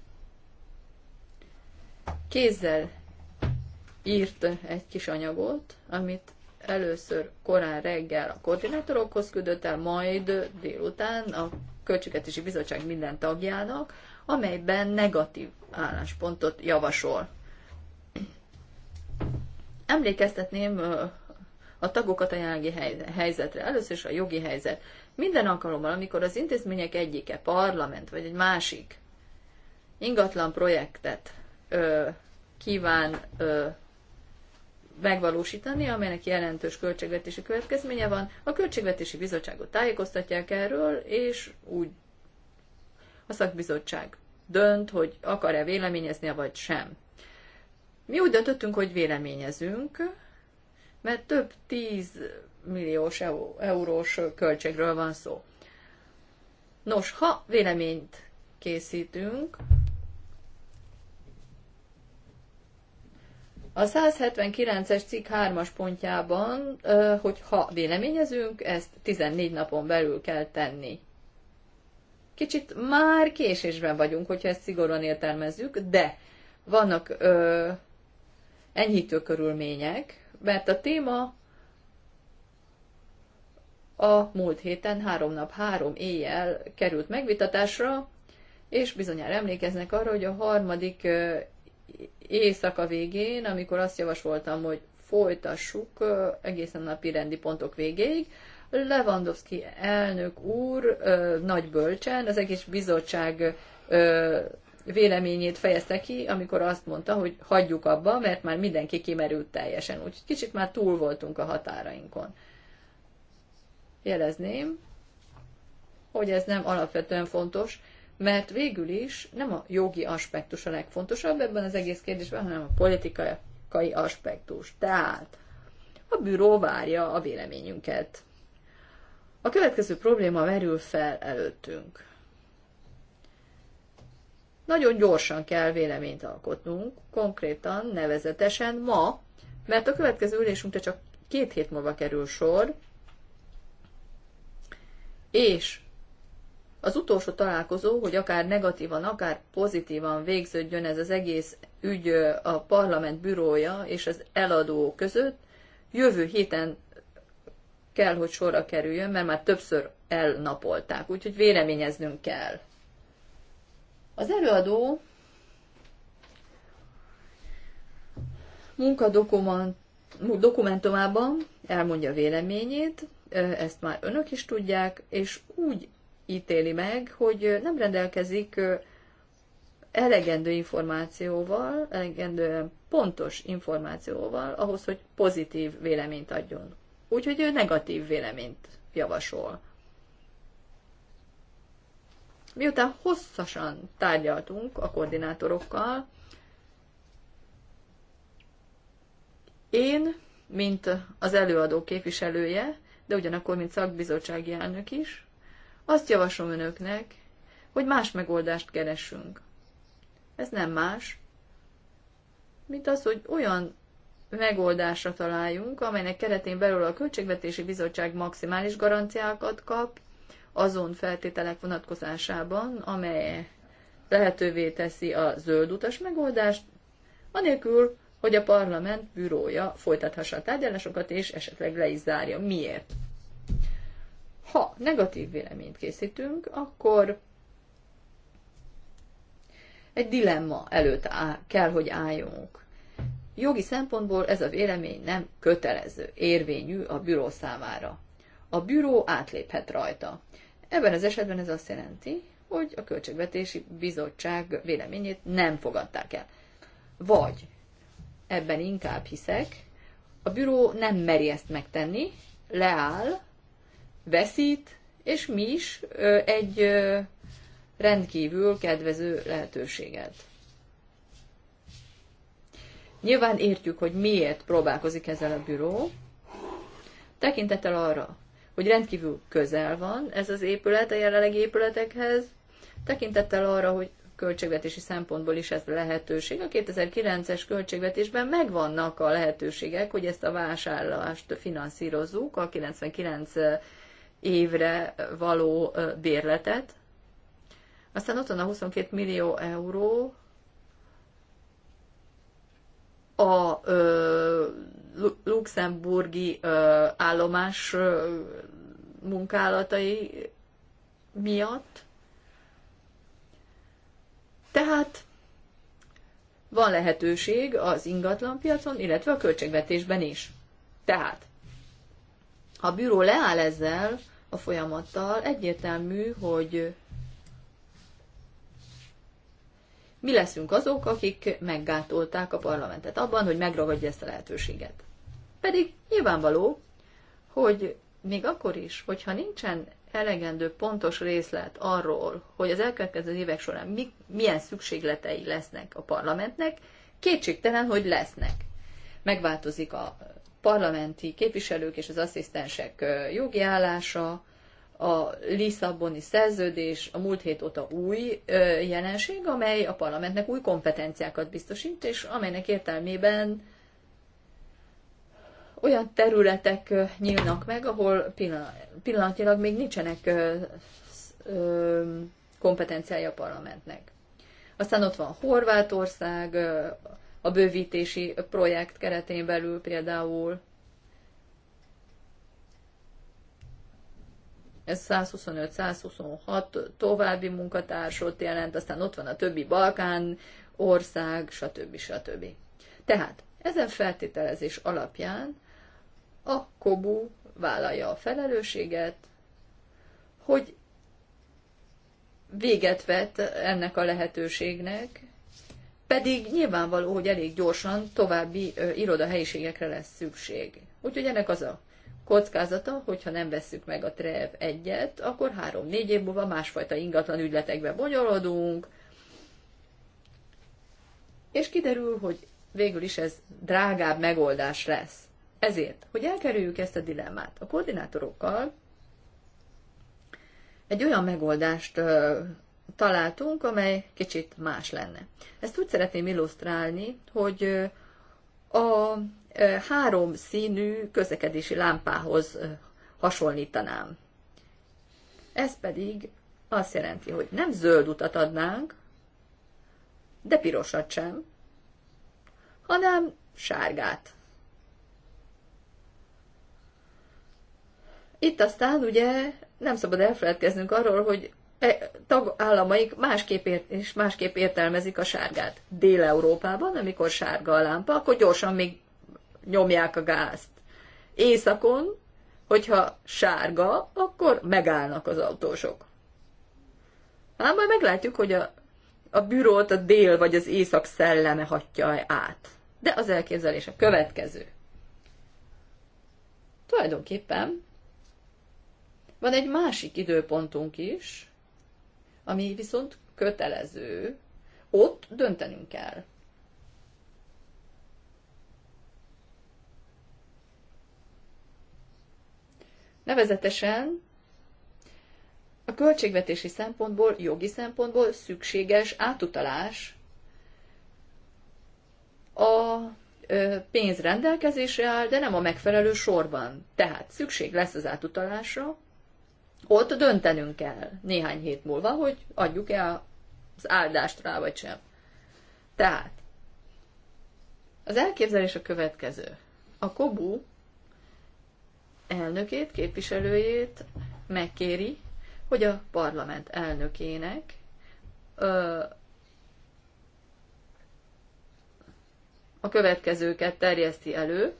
Kézzel írt egy kis anyagot, amit először korán reggel a koordinátorokhoz küldött el, majd délután a Költségetési Bizottság minden tagjának, amelyben negatív álláspontot javasol. Emlékeztetném a tagokat a jelenlegi helyzetre. Először is a jogi helyzet. Minden alkalommal, amikor az intézmények egyike, parlament vagy egy másik ingatlan projektet ö, kíván ö, megvalósítani, amelynek jelentős költségvetési következménye van. A Költségvetési Bizottságot tájékoztatják erről, és úgy a szakbizottság dönt, hogy akar-e véleményezni, vagy sem. Mi úgy döntöttünk, hogy véleményezünk, mert több 10 milliós eurós költségről van szó. Nos, ha véleményt készítünk, A 179-es cikk 3-as pontjában, hogy ha véleményezünk, ezt 14 napon belül kell tenni. Kicsit már késésben vagyunk, hogyha ezt szigorúan értelmezzük, de vannak ö, enyhítő körülmények, mert a téma a múlt héten három nap, három éjjel került megvitatásra, és bizonyára emlékeznek arra, hogy a harmadik éjszaka végén, amikor azt javasoltam, hogy folytassuk egészen napi rendi pontok végéig, Lewandowski elnök úr nagy bölcsen az egész bizottság véleményét fejezte ki, amikor azt mondta, hogy hagyjuk abba, mert már mindenki kimerült teljesen. Úgyhogy kicsit már túl voltunk a határainkon. Jelezném, hogy ez nem alapvetően fontos, mert végül is nem a jogi aspektus a legfontosabb ebben az egész kérdésben, hanem a politikai aspektus. Tehát a bűró várja a véleményünket. A következő probléma merül fel előttünk. Nagyon gyorsan kell véleményt alkotnunk, konkrétan, nevezetesen ma, mert a következő ülésünkre csak két hét múlva kerül sor, és az utolsó találkozó, hogy akár negatívan, akár pozitívan végződjön ez az egész ügy a parlament bürója és az eladó között, jövő héten kell, hogy sorra kerüljön, mert már többször elnapolták, úgyhogy véleményeznünk kell. Az előadó munkadokumentumában elmondja véleményét, ezt már önök is tudják, és úgy ítéli meg, hogy nem rendelkezik elegendő információval, elegendő pontos információval ahhoz, hogy pozitív véleményt adjon. Úgyhogy ő negatív véleményt javasol. Miután hosszasan tárgyaltunk a koordinátorokkal, én, mint az előadó képviselője, de ugyanakkor, mint szakbizottsági elnök is, azt javaslom önöknek, hogy más megoldást keresünk. Ez nem más, mint az, hogy olyan megoldásra találjunk, amelynek keretén belül a Költségvetési Bizottság maximális garanciákat kap azon feltételek vonatkozásában, amely lehetővé teszi a zöld utas megoldást, anélkül, hogy a parlament bürója folytathassa a tárgyalásokat és esetleg le is zárja. Miért? Ha negatív véleményt készítünk, akkor egy dilemma előtt áll, kell, hogy álljunk. Jogi szempontból ez a vélemény nem kötelező, érvényű a büró számára. A büró átléphet rajta. Ebben az esetben ez azt jelenti, hogy a Költségvetési Bizottság véleményét nem fogadták el. Vagy ebben inkább hiszek, a büró nem meri ezt megtenni, leáll, veszít, és mi is egy rendkívül kedvező lehetőséget. Nyilván értjük, hogy miért próbálkozik ezzel a büró, tekintettel arra, hogy rendkívül közel van ez az épület a jelenlegi épületekhez, tekintettel arra, hogy költségvetési szempontból is ez a lehetőség. A 2009-es költségvetésben megvannak a lehetőségek, hogy ezt a vásárlást finanszírozzuk a 99 évre való bérletet. Aztán ott van a 22 millió euró a ö, luxemburgi ö, állomás ö, munkálatai miatt. Tehát van lehetőség az ingatlanpiacon, illetve a költségvetésben is. Tehát ha a bűró leáll ezzel a folyamattal, egyértelmű, hogy mi leszünk azok, akik meggátolták a parlamentet abban, hogy megragadja ezt a lehetőséget. Pedig nyilvánvaló, hogy még akkor is, hogyha nincsen elegendő pontos részlet arról, hogy az elkövetkező évek során mi, milyen szükségletei lesznek a parlamentnek, kétségtelen, hogy lesznek. Megváltozik a parlamenti képviselők és az asszisztensek jogi állása, a Lisszaboni szerződés a múlt hét óta új jelenség, amely a parlamentnek új kompetenciákat biztosít, és amelynek értelmében olyan területek nyílnak meg, ahol pillanatilag még nincsenek kompetenciája a parlamentnek. Aztán ott van Horvátország, a bővítési projekt keretén belül például. Ez 125-126 további munkatársot jelent, aztán ott van a többi Balkán ország, stb. stb. Tehát ezen feltételezés alapján a Kobu vállalja a felelősséget, hogy véget vet ennek a lehetőségnek, pedig nyilvánvaló, hogy elég gyorsan további irodahelyiségekre lesz szükség. Úgyhogy ennek az a kockázata, hogyha nem vesszük meg a TREV egyet, akkor három-négy év múlva másfajta ingatlan ügyletekbe bonyolodunk, és kiderül, hogy végül is ez drágább megoldás lesz. Ezért, hogy elkerüljük ezt a dilemmát, a koordinátorokkal egy olyan megoldást találtunk, amely kicsit más lenne. Ezt úgy szeretném illusztrálni, hogy a három színű közlekedési lámpához hasonlítanám. Ez pedig azt jelenti, hogy nem zöld utat adnánk, de pirosat sem, hanem sárgát. Itt aztán ugye nem szabad elfeledkeznünk arról, hogy E, tagállamaik másképp, ért, és másképp értelmezik a sárgát. Dél-Európában, amikor sárga a lámpa, akkor gyorsan még nyomják a gázt. Északon, hogyha sárga, akkor megállnak az autósok. Hát majd meglátjuk, hogy a, a bürót a dél vagy az észak szelleme hagyja át. De az elképzelés a következő. Tulajdonképpen van egy másik időpontunk is, ami viszont kötelező, ott döntenünk kell. Nevezetesen a költségvetési szempontból, jogi szempontból szükséges átutalás a pénz rendelkezésre áll, de nem a megfelelő sorban. Tehát szükség lesz az átutalásra, ott döntenünk kell néhány hét múlva, hogy adjuk-e az áldást rá, vagy sem. Tehát, az elképzelés a következő. A Kobu elnökét, képviselőjét megkéri, hogy a parlament elnökének ö, a következőket terjeszti elő,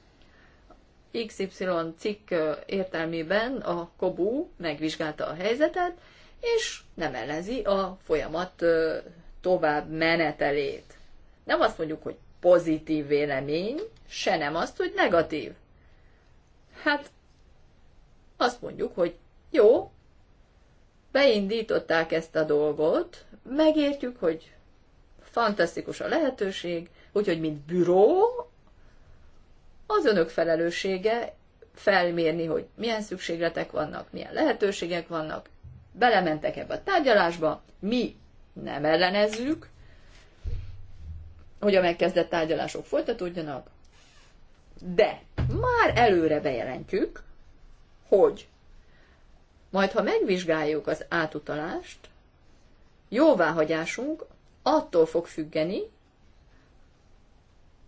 XY cikk értelmében a Kobú megvizsgálta a helyzetet, és nem ellenzi a folyamat tovább menetelét. Nem azt mondjuk, hogy pozitív vélemény, se nem azt, hogy negatív. Hát azt mondjuk, hogy jó, beindították ezt a dolgot, megértjük, hogy fantasztikus a lehetőség, úgyhogy mint büró az önök felelőssége felmérni, hogy milyen szükségletek vannak, milyen lehetőségek vannak. Belementek ebbe a tárgyalásba, mi nem ellenezzük, hogy a megkezdett tárgyalások folytatódjanak, de már előre bejelentjük, hogy majd, ha megvizsgáljuk az átutalást, jóváhagyásunk attól fog függeni,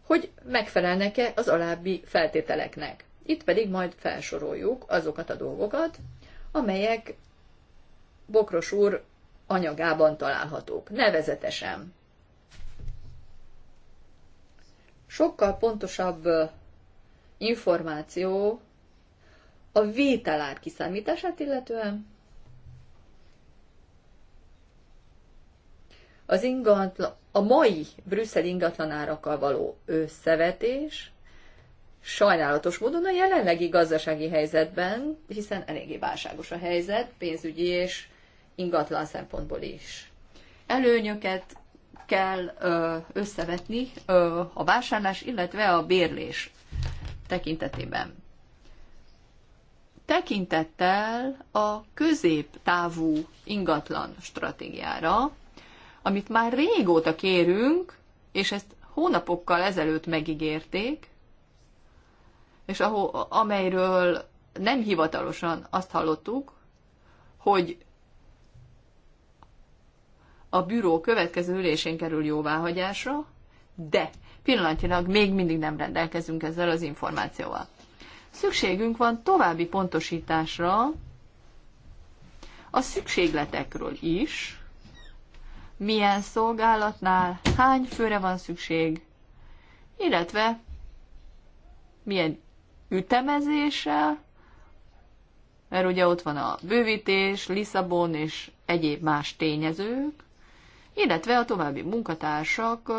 hogy megfelelnek-e az alábbi feltételeknek. Itt pedig majd felsoroljuk azokat a dolgokat, amelyek Bokros úr anyagában találhatók, nevezetesen. Sokkal pontosabb információ a vételár kiszámítását illetően, az ingatlan a mai Brüsszel ingatlanárakkal való összevetés sajnálatos módon a jelenlegi gazdasági helyzetben, hiszen eléggé válságos a helyzet, pénzügyi és ingatlan szempontból is. Előnyöket kell ö, összevetni ö, a vásárlás, illetve a bérlés tekintetében. Tekintettel a középtávú ingatlan stratégiára, amit már régóta kérünk, és ezt hónapokkal ezelőtt megígérték, és ahol, amelyről nem hivatalosan azt hallottuk, hogy a bűró következő ülésén kerül jóváhagyásra, de pillanatilag még mindig nem rendelkezünk ezzel az információval. Szükségünk van további pontosításra a szükségletekről is, milyen szolgálatnál hány főre van szükség, illetve milyen ütemezéssel, mert ugye ott van a bővítés, Lisszabon és egyéb más tényezők, illetve a további munkatársak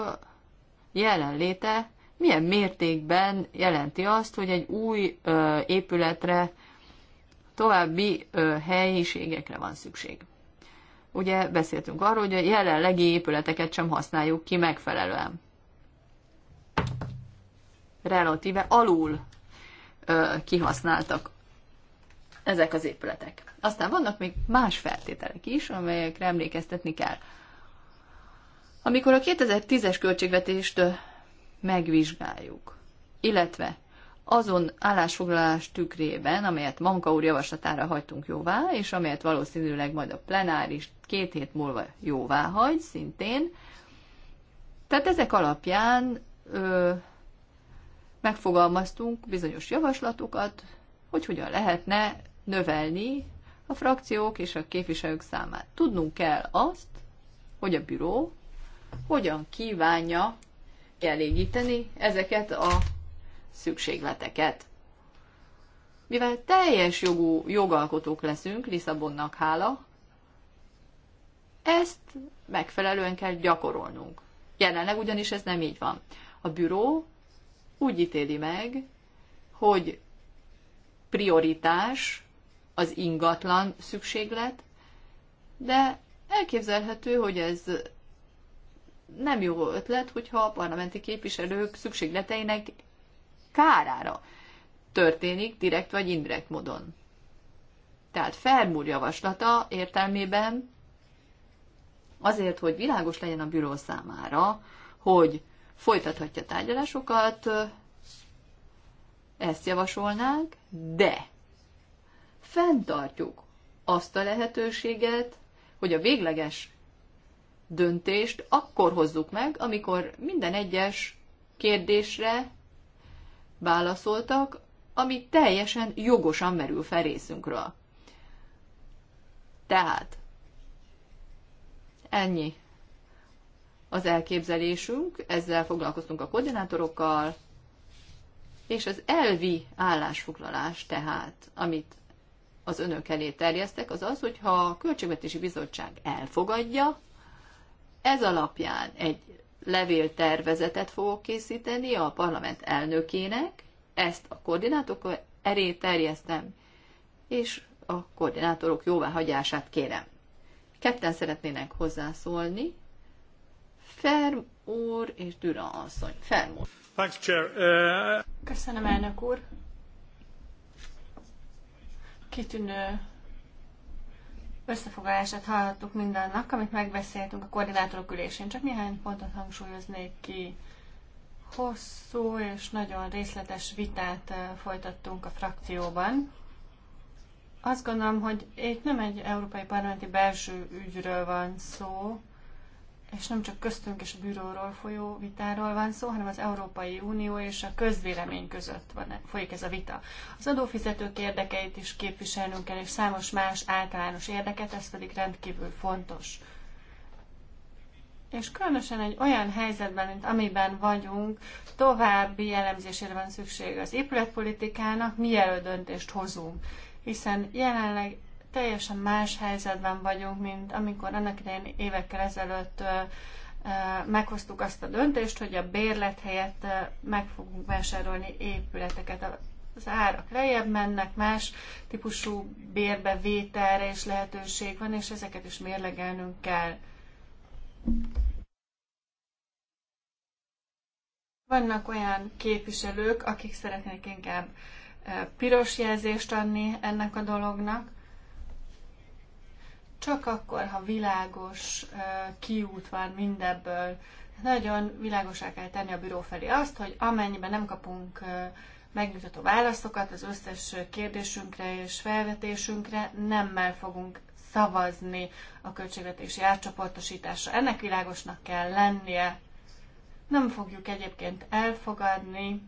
jelenléte milyen mértékben jelenti azt, hogy egy új ö, épületre további ö, helyiségekre van szükség ugye beszéltünk arról, hogy a jelenlegi épületeket sem használjuk ki megfelelően. Relatíve alul ö, kihasználtak ezek az épületek. Aztán vannak még más feltételek is, amelyekre emlékeztetni kell. Amikor a 2010-es költségvetést megvizsgáljuk, illetve azon állásfoglalás tükrében, amelyet Manka úr javaslatára hagytunk jóvá, és amelyet valószínűleg majd a plenáris két hét múlva jóvá hagy szintén. Tehát ezek alapján ö, megfogalmaztunk bizonyos javaslatokat, hogy hogyan lehetne növelni a frakciók és a képviselők számát. Tudnunk kell azt, hogy a büró hogyan kívánja elégíteni ezeket a szükségleteket. Mivel teljes jogú jogalkotók leszünk, Lisszabonnak hála, ezt megfelelően kell gyakorolnunk. Jelenleg ugyanis ez nem így van. A büró úgy ítéli meg, hogy prioritás az ingatlan szükséglet, de elképzelhető, hogy ez nem jó ötlet, hogyha a parlamenti képviselők szükségleteinek kárára történik direkt vagy indirekt módon. Tehát Fermúr javaslata értelmében azért, hogy világos legyen a büró számára, hogy folytathatja tárgyalásokat, ezt javasolnánk, de fenntartjuk azt a lehetőséget, hogy a végleges döntést akkor hozzuk meg, amikor minden egyes kérdésre válaszoltak, ami teljesen jogosan merül fel részünkről. Tehát ennyi az elképzelésünk, ezzel foglalkoztunk a koordinátorokkal, és az elvi állásfoglalás tehát, amit az önök elé terjesztek, az az, hogyha a Költségvetési Bizottság elfogadja, ez alapján egy levéltervezetet fogok készíteni a parlament elnökének, ezt a koordinátorok eré terjesztem, és a koordinátorok jóváhagyását kérem. Ketten szeretnének hozzászólni, Ferm úr és Düra asszony. Ferm úr. Thanks, Chair. Uh, Köszönöm, elnök úr. Kitűnő összefoglalását hallhattuk mindannak, amit megbeszéltünk a koordinátorok ülésén. Csak néhány pontot hangsúlyoznék ki. Hosszú és nagyon részletes vitát eh, folytattunk a frakcióban. Azt gondolom, hogy itt nem egy európai parlamenti belső ügyről van szó, és nem csak köztünk és a bűróról folyó vitáról van szó, hanem az Európai Unió és a közvélemény között van, folyik ez a vita. Az adófizetők érdekeit is képviselnünk kell, és számos más általános érdeket, ez pedig rendkívül fontos. És különösen egy olyan helyzetben, mint amiben vagyunk, további elemzésére van szükség az épületpolitikának, mielőtt döntést hozunk. Hiszen jelenleg teljesen más helyzetben vagyunk, mint amikor annak idején évekkel ezelőtt meghoztuk azt a döntést, hogy a bérlet helyett meg fogunk vásárolni épületeket. Az árak lejjebb mennek, más típusú bérbevételre is lehetőség van, és ezeket is mérlegelnünk kell. Vannak olyan képviselők, akik szeretnék inkább piros jelzést adni ennek a dolognak, csak akkor, ha világos kiút van mindebből. Nagyon világosá kell tenni a bíró felé azt, hogy amennyiben nem kapunk megnyugtató válaszokat az összes kérdésünkre és felvetésünkre, nemmel fogunk szavazni a költségvetési átcsoportosításra. Ennek világosnak kell lennie. Nem fogjuk egyébként elfogadni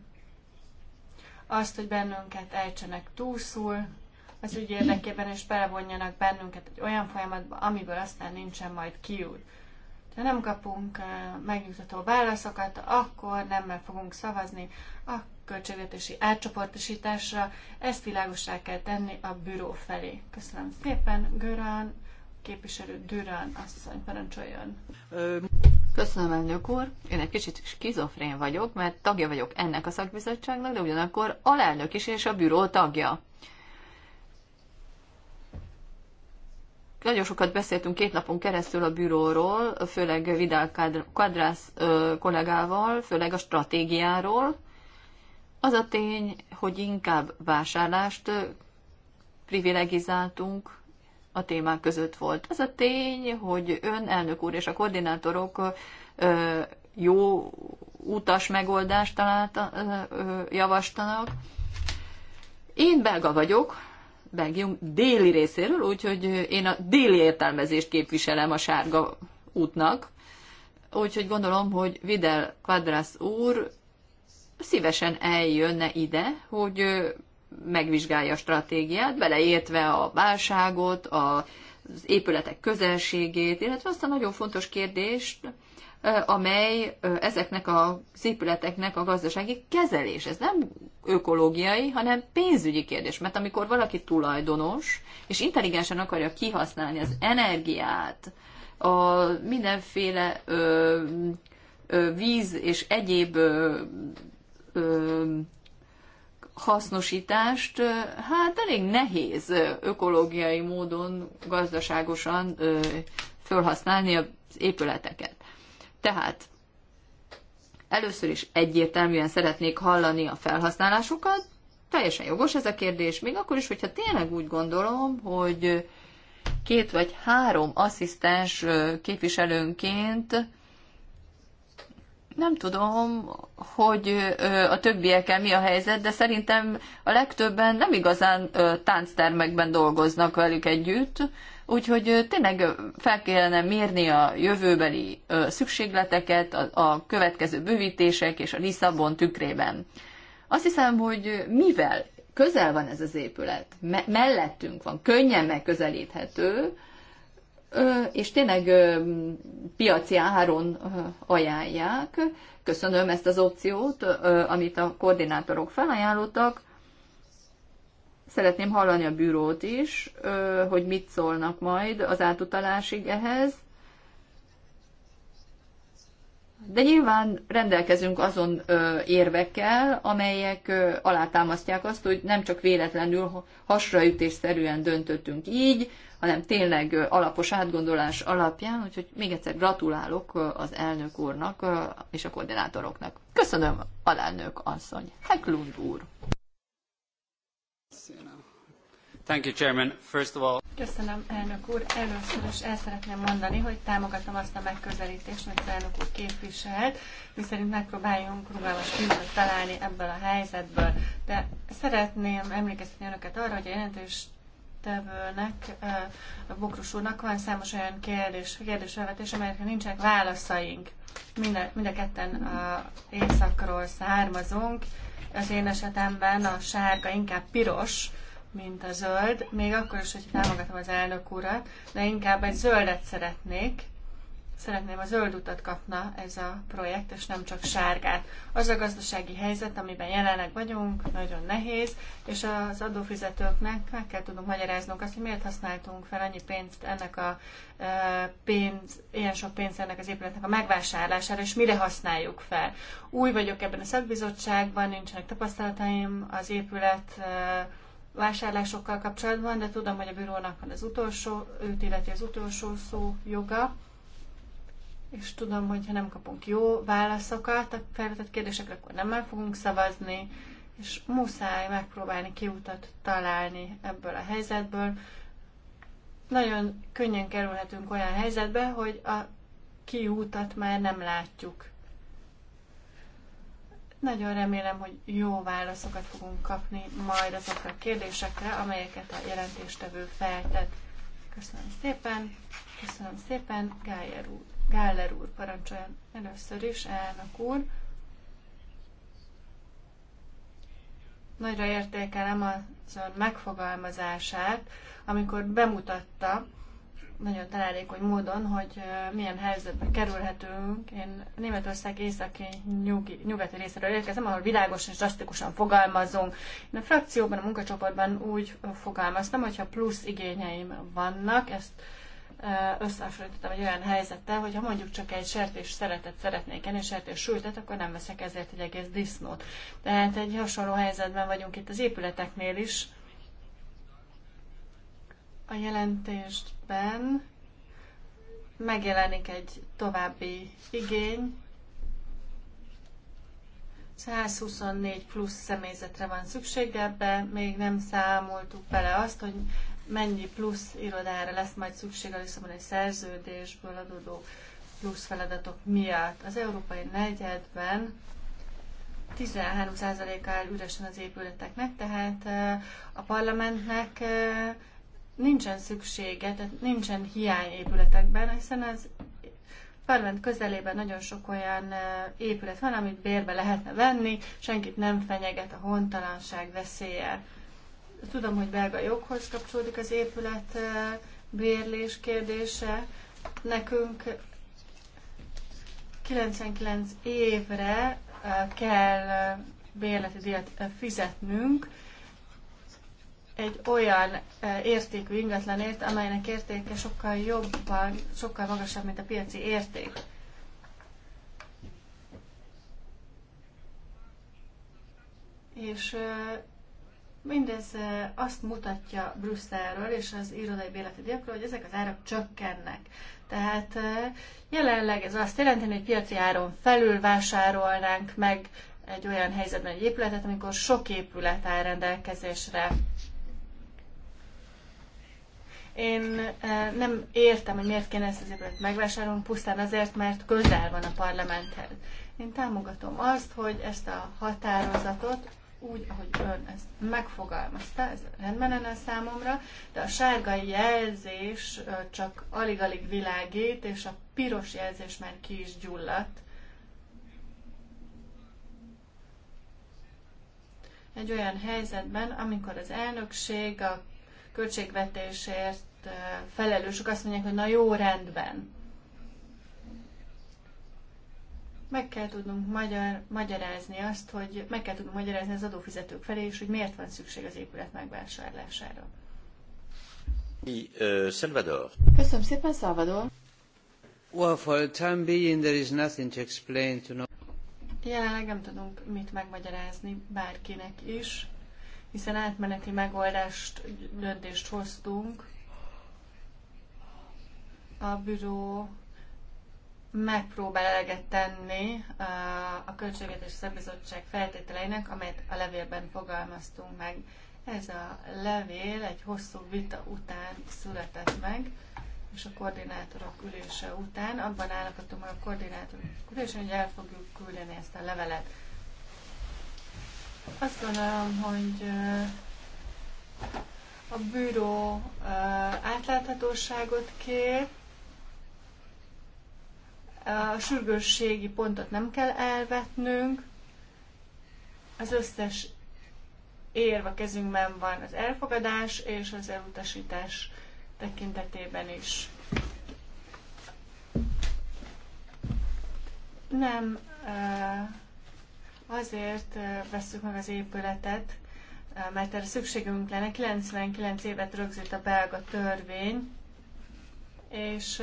azt, hogy bennünket ejtsenek túlszul, az ügy érdekében, és belevonjanak bennünket egy olyan folyamatba, amiből aztán nincsen majd kiút. Ha nem kapunk megnyugtató válaszokat, akkor meg fogunk szavazni a költségvetési átcsoportosításra. Ezt világosá kell tenni a büró felé. Köszönöm szépen, Görán, képviselő Dürán asszony, parancsoljon. Köszönöm, elnök úr. Én egy kicsit skizofrén vagyok, mert tagja vagyok ennek a szakbizottságnak, de ugyanakkor alelnök is és a büró tagja. nagyon sokat beszéltünk két napon keresztül a büróról, főleg Vidal Kadrász kollégával, főleg a stratégiáról. Az a tény, hogy inkább vásárlást privilegizáltunk, a témák között volt. Az a tény, hogy ön, elnök úr és a koordinátorok jó utas megoldást talált, javastanak. Én belga vagyok, Belgium déli részéről, úgyhogy én a déli értelmezést képviselem a sárga útnak. Úgyhogy gondolom, hogy Videl Quadras úr szívesen eljönne ide, hogy megvizsgálja a stratégiát, beleértve a válságot, az épületek közelségét, illetve azt a nagyon fontos kérdést, amely ezeknek a épületeknek a gazdasági kezelés. Ez nem ökológiai, hanem pénzügyi kérdés, mert amikor valaki tulajdonos, és intelligensen akarja kihasználni az energiát, a mindenféle ö, ö, víz és egyéb ö, ö, hasznosítást, hát elég nehéz ökológiai módon, gazdaságosan ö, felhasználni az épületeket. Tehát először is egyértelműen szeretnék hallani a felhasználásukat, teljesen jogos ez a kérdés, még akkor is, hogyha tényleg úgy gondolom, hogy két vagy három asszisztens képviselőnként nem tudom, hogy a többiekkel mi a helyzet, de szerintem a legtöbben nem igazán tánctermekben dolgoznak velük együtt, Úgyhogy tényleg fel kellene mérni a jövőbeli szükségleteket, a következő bővítések és a Lisszabon tükrében. Azt hiszem, hogy mivel közel van ez az épület, me- mellettünk van, könnyen megközelíthető, és tényleg piaci áron ajánlják. Köszönöm ezt az opciót, amit a koordinátorok felajánlottak. Szeretném hallani a bűrót is, hogy mit szólnak majd az átutalásig ehhez. De nyilván rendelkezünk azon érvekkel, amelyek alátámasztják azt, hogy nem csak véletlenül hasraütésszerűen döntöttünk így, hanem tényleg alapos átgondolás alapján, úgyhogy még egyszer gratulálok az elnök úrnak és a koordinátoroknak. Köszönöm, alelnök asszony. Heklund úr. Thank you, Chairman. First of all... Köszönöm, elnök úr. Először is el szeretném mondani, hogy támogatom azt a megközelítést, amit az elnök úr képviselt, miszerint megpróbáljunk rugalmas kintot találni ebből a helyzetből. De szeretném emlékeztetni önöket arra, hogy a jelentős tevőnek, a Bokrus úrnak van számos olyan kérdés, kérdésfelvetés, amelyekre nincsenek válaszaink. Mind a, mind a ketten a északról származunk, az én esetemben a sárga inkább piros, mint a zöld, még akkor is, hogy támogatom az elnök urat, de inkább egy zöldet szeretnék, Szeretném, a zöld utat kapna ez a projekt, és nem csak sárgát. Az a gazdasági helyzet, amiben jelenleg vagyunk, nagyon nehéz, és az adófizetőknek meg kell tudnunk magyaráznunk azt, hogy miért használtunk fel annyi pénzt ennek a e, pénz, ilyen sok pénzt ennek az épületnek a megvásárlására, és mire használjuk fel. Új vagyok ebben a szakbizottságban, nincsenek tapasztalataim az épület e, vásárlásokkal kapcsolatban, de tudom, hogy a bürónak van az utolsó, őt illeti az utolsó szó joga és tudom, hogy ha nem kapunk jó válaszokat a felvetett kérdésekre, akkor nem el fogunk szavazni, és muszáj megpróbálni kiutat találni ebből a helyzetből. Nagyon könnyen kerülhetünk olyan helyzetbe, hogy a kiútat már nem látjuk. Nagyon remélem, hogy jó válaszokat fogunk kapni majd azokra a kérdésekre, amelyeket a jelentéstevő feltett. Köszönöm szépen, köszönöm szépen, Gájer úr. Gáller úr, parancsoljon először is, elnök úr. Nagyra értékelem az ön megfogalmazását, amikor bemutatta nagyon találékony módon, hogy milyen helyzetbe kerülhetünk. Én Németország északi nyugi, nyugati részéről érkezem, ahol világosan és drasztikusan fogalmazunk. Én a frakcióban, a munkacsoportban úgy fogalmaztam, hogyha plusz igényeim vannak, ezt összehasonlítottam egy olyan helyzettel, hogy ha mondjuk csak egy sertés szeretet szeretnék enni, sertés sültet, akkor nem veszek ezért egy egész disznót. Tehát egy hasonló helyzetben vagyunk itt az épületeknél is. A jelentésben megjelenik egy további igény, 124 plusz személyzetre van szükség, de ebbe még nem számoltuk bele azt, hogy mennyi plusz irodára lesz majd szükség a Lisszaboni szerződésből adódó plusz feladatok miatt. Az európai negyedben 13%-a áll üresen az épületeknek, tehát a parlamentnek nincsen szüksége, tehát nincsen hiány épületekben, hiszen az parlament közelében nagyon sok olyan épület van, amit bérbe lehetne venni, senkit nem fenyeget a hontalanság veszélye. Tudom, hogy belga joghoz kapcsolódik az épület eh, bérlés kérdése. Nekünk 99 évre eh, kell eh, bérleti díjat fizetnünk egy olyan értékű ingatlanért, amelynek értéke sokkal jobban, sokkal magasabb, mint a piaci érték. És Mindez azt mutatja Brüsszelről és az irodai béleti diakról, hogy ezek az árak csökkennek. Tehát jelenleg ez azt jelenti, hogy piaci áron felül vásárolnánk meg egy olyan helyzetben egy épületet, amikor sok épület áll rendelkezésre. Én nem értem, hogy miért kéne ezt az épületet megvásárolni, pusztán azért, mert közel van a parlamenthez. Én támogatom azt, hogy ezt a határozatot úgy, ahogy ön ezt megfogalmazta, ez rendben lenne számomra, de a sárga jelzés csak alig-alig világít, és a piros jelzés már ki is gyulladt. Egy olyan helyzetben, amikor az elnökség a költségvetésért felelősök azt mondják, hogy na jó, rendben Meg kell tudnunk magyar, magyarázni azt, hogy meg kell tudnunk magyarázni az adófizetők felé is, hogy miért van szükség az épület megvásárlására. Salvador. Köszönöm szépen, Salvador. Well, for the time being, there is nothing to explain to no Jelenleg nem tudunk mit megmagyarázni bárkinek is, hiszen átmeneti megoldást, döntést hoztunk. A büró megpróbál eleget tenni a Költségvetési Szakbizottság feltételeinek, amelyet a levélben fogalmaztunk meg. Ez a levél egy hosszú vita után született meg, és a koordinátorok ülése után. Abban állapodtunk a koordinátorok ülésen, hogy el fogjuk küldeni ezt a levelet. Azt gondolom, hogy a bűró átláthatóságot kért, a sürgősségi pontot nem kell elvetnünk, az összes érv a kezünkben van az elfogadás és az elutasítás tekintetében is. Nem azért veszük meg az épületet, mert erre szükségünk lenne. 99 évet rögzít a belga törvény, és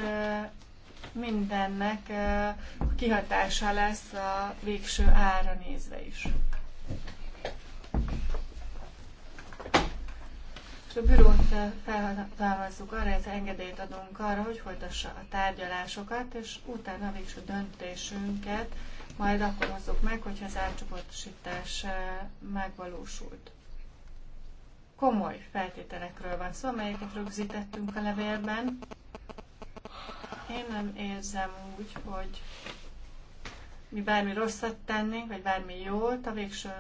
mindennek kihatása lesz a végső ára nézve is. És a bürót felhatalmazzuk arra, hogy engedélyt adunk arra, hogy folytassa a tárgyalásokat, és utána a végső döntésünket majd akkor hozzuk meg, hogyha az átcsoportosítás megvalósult. Komoly feltételekről van szó, amelyeket rögzítettünk a levélben, én nem érzem úgy, hogy mi bármi rosszat tennénk, vagy bármi jót, a végső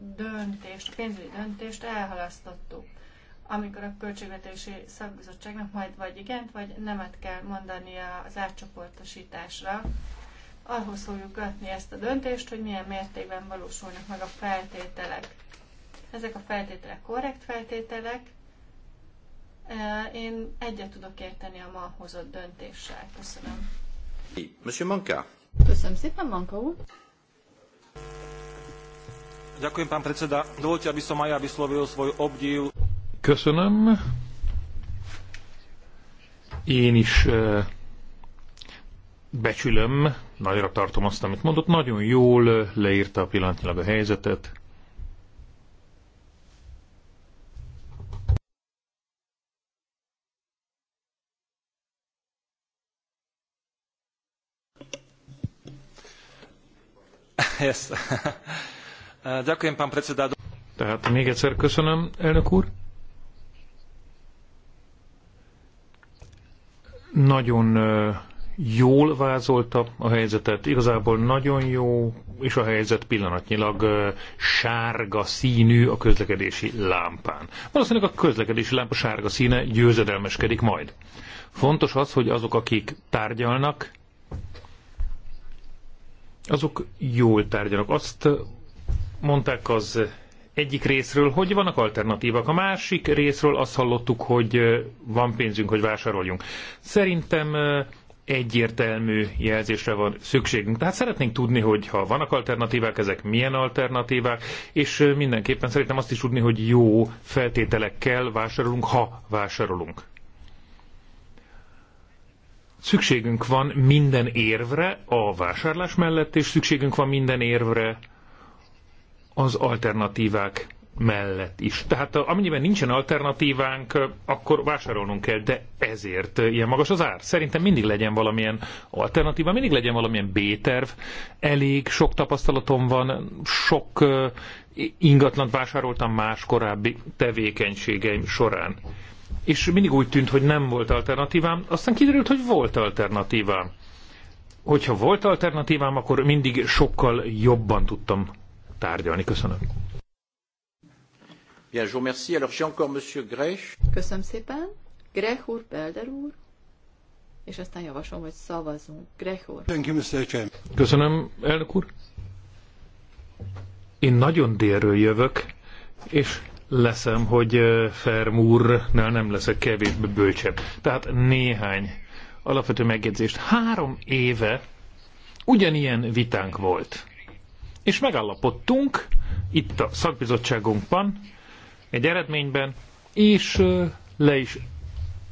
döntést, a pénzügyi döntést elhalasztottuk. Amikor a Költségvetési Szakbizottságnak majd vagy igent, vagy nemet kell mondania az átcsoportosításra, ahhoz fogjuk kötni ezt a döntést, hogy milyen mértékben valósulnak meg a feltételek. Ezek a feltételek korrekt feltételek, én egyet tudok érteni a ma hozott döntéssel. Köszönöm. Monsieur Manka. Köszönöm szépen, Manka úr. Ďakujem, pán predseda. Dovolte, aby som aj ja vyslovil svoj obdiv. Köszönöm. Én is becsülöm, nagyra tartom azt, amit mondott. Nagyon jól leírta pillanatnyilag a helyzetet. Yes. <laughs> Ďakujem, pán predseda. Tehát még egyszer köszönöm, elnök úr. Nagyon jól vázolta a helyzetet, igazából nagyon jó, és a helyzet pillanatnyilag sárga színű a közlekedési lámpán. Valószínűleg a közlekedési lámpa sárga színe győzedelmeskedik majd. Fontos az, hogy azok, akik tárgyalnak, azok jól tárgyalnak. Azt mondták az egyik részről, hogy vannak alternatívak, a másik részről azt hallottuk, hogy van pénzünk, hogy vásároljunk. Szerintem egyértelmű jelzésre van szükségünk. Tehát szeretnénk tudni, hogy ha vannak alternatívák, ezek milyen alternatívák, és mindenképpen szeretném azt is tudni, hogy jó feltételekkel vásárolunk, ha vásárolunk. Szükségünk van minden érvre a vásárlás mellett, és szükségünk van minden érvre az alternatívák mellett is. Tehát amennyiben nincsen alternatívánk, akkor vásárolnunk kell, de ezért ilyen magas az ár. Szerintem mindig legyen valamilyen alternatíva, mindig legyen valamilyen B-terv. Elég sok tapasztalatom van, sok ingatlant vásároltam más korábbi tevékenységeim során és mindig úgy tűnt, hogy nem volt alternatívám, aztán kiderült, hogy volt alternatívám. Hogyha volt alternatívám, akkor mindig sokkal jobban tudtam tárgyalni. Köszönöm. Bien, je vous remercie. Alors, j'ai encore Monsieur Grech. Köszönöm szépen. Grech úr, Belder úr, és aztán javaslom, hogy szavazunk. Grech úr. Thank you, Mr. Chairman. Köszönöm, elnök úr. Én nagyon délről jövök, és leszem, hogy Fermúrnál nem leszek kevésbé bölcsebb. Tehát néhány alapvető megjegyzést. Három éve ugyanilyen vitánk volt. És megállapodtunk itt a szakbizottságunkban egy eredményben, és le is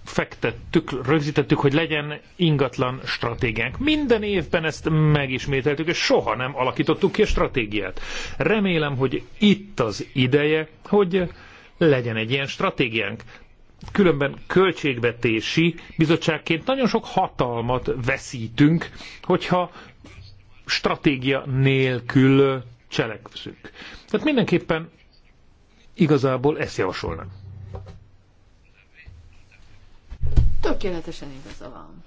fektettük, rögzítettük, hogy legyen ingatlan stratégiánk. Minden évben ezt megismételtük, és soha nem alakítottuk ki a stratégiát. Remélem, hogy itt az ideje, hogy legyen egy ilyen stratégiánk. Különben költségvetési bizottságként nagyon sok hatalmat veszítünk, hogyha stratégia nélkül cselekszünk. Tehát mindenképpen igazából ezt javasolnám. tökéletesen igaza van.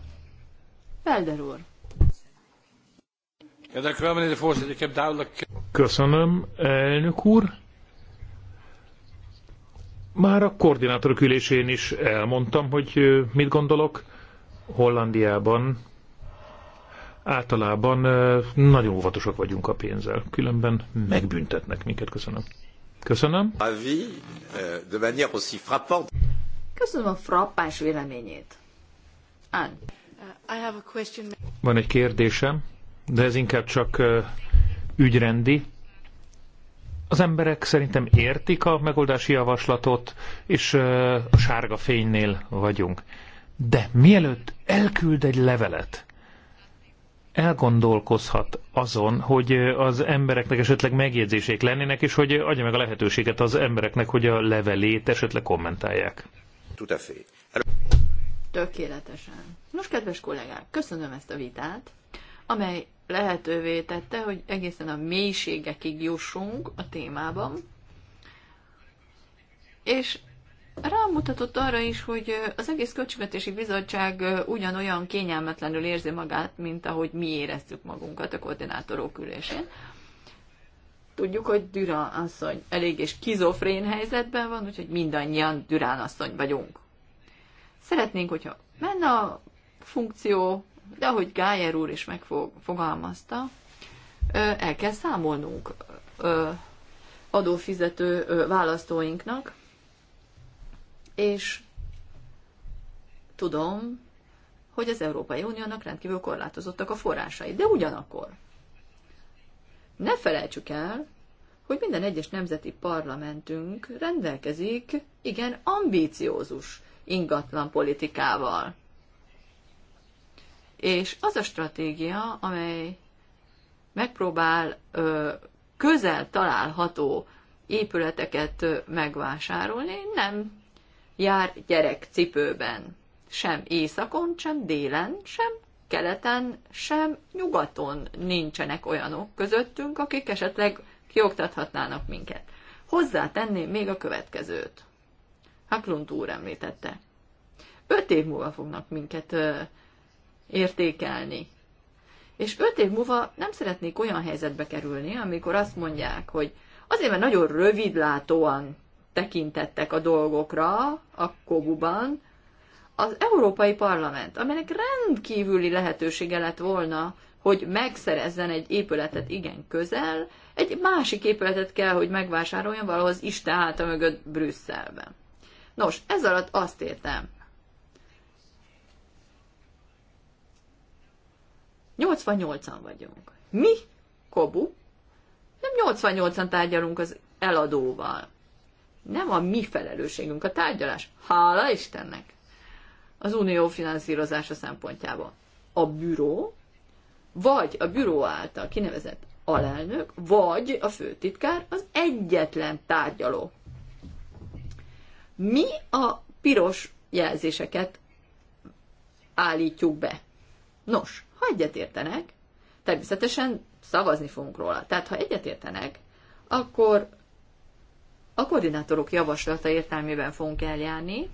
Felder úr. Köszönöm, elnök úr. Már a koordinátorok ülésén is elmondtam, hogy mit gondolok. Hollandiában általában nagyon óvatosak vagyunk a pénzzel, különben megbüntetnek minket. Köszönöm. Köszönöm. Euh, Köszönöm a frappás véleményét. Van egy kérdésem, de ez inkább csak ügyrendi. Az emberek szerintem értik a megoldási javaslatot, és a sárga fénynél vagyunk. De mielőtt elküld egy levelet, elgondolkozhat azon, hogy az embereknek esetleg megjegyzésék lennének, és hogy adja meg a lehetőséget az embereknek, hogy a levelét esetleg kommentálják. Tökéletesen. Nos, kedves kollégák, köszönöm ezt a vitát, amely lehetővé tette, hogy egészen a mélységekig jussunk a témában, és rámutatott arra is, hogy az egész Költségvetési Bizottság ugyanolyan kényelmetlenül érzi magát, mint ahogy mi éreztük magunkat a koordinátorok ülésén. Tudjuk, hogy Dürán asszony elég és kizofrén helyzetben van, úgyhogy mindannyian Dürán asszony vagyunk. Szeretnénk, hogyha menne a funkció, de ahogy Gájer úr is megfogalmazta, el kell számolnunk adófizető választóinknak, és tudom, hogy az Európai Uniónak rendkívül korlátozottak a forrásai. De ugyanakkor ne felejtsük el, hogy minden egyes nemzeti parlamentünk rendelkezik igen ambíciózus ingatlan politikával. És az a stratégia, amely megpróbál közel található épületeket megvásárolni, nem jár gyerekcipőben. Sem északon, sem délen, sem keleten, sem nyugaton nincsenek olyanok közöttünk, akik esetleg kioktathatnának minket. Hozzátenném még a következőt. Haklund úr említette. Öt év múlva fognak minket ö, értékelni. És öt év múlva nem szeretnék olyan helyzetbe kerülni, amikor azt mondják, hogy azért, mert nagyon rövidlátóan tekintettek a dolgokra a Kobuban, az Európai Parlament, amelynek rendkívüli lehetősége lett volna, hogy megszerezzen egy épületet igen közel, egy másik épületet kell, hogy megvásároljon valahol az Isten mögött Brüsszelben. Nos, ez alatt azt értem. 88-an vagyunk. Mi? Kobu? Nem 88-an tárgyalunk az eladóval. Nem a mi felelősségünk a tárgyalás. Hála Istennek! Az unió finanszírozása szempontjából. A büró, vagy a büró által kinevezett alelnök, vagy a főtitkár az egyetlen tárgyaló mi a piros jelzéseket állítjuk be. Nos, ha egyetértenek, természetesen szavazni fogunk róla. Tehát, ha egyetértenek, akkor a koordinátorok javaslata értelmében fogunk eljárni.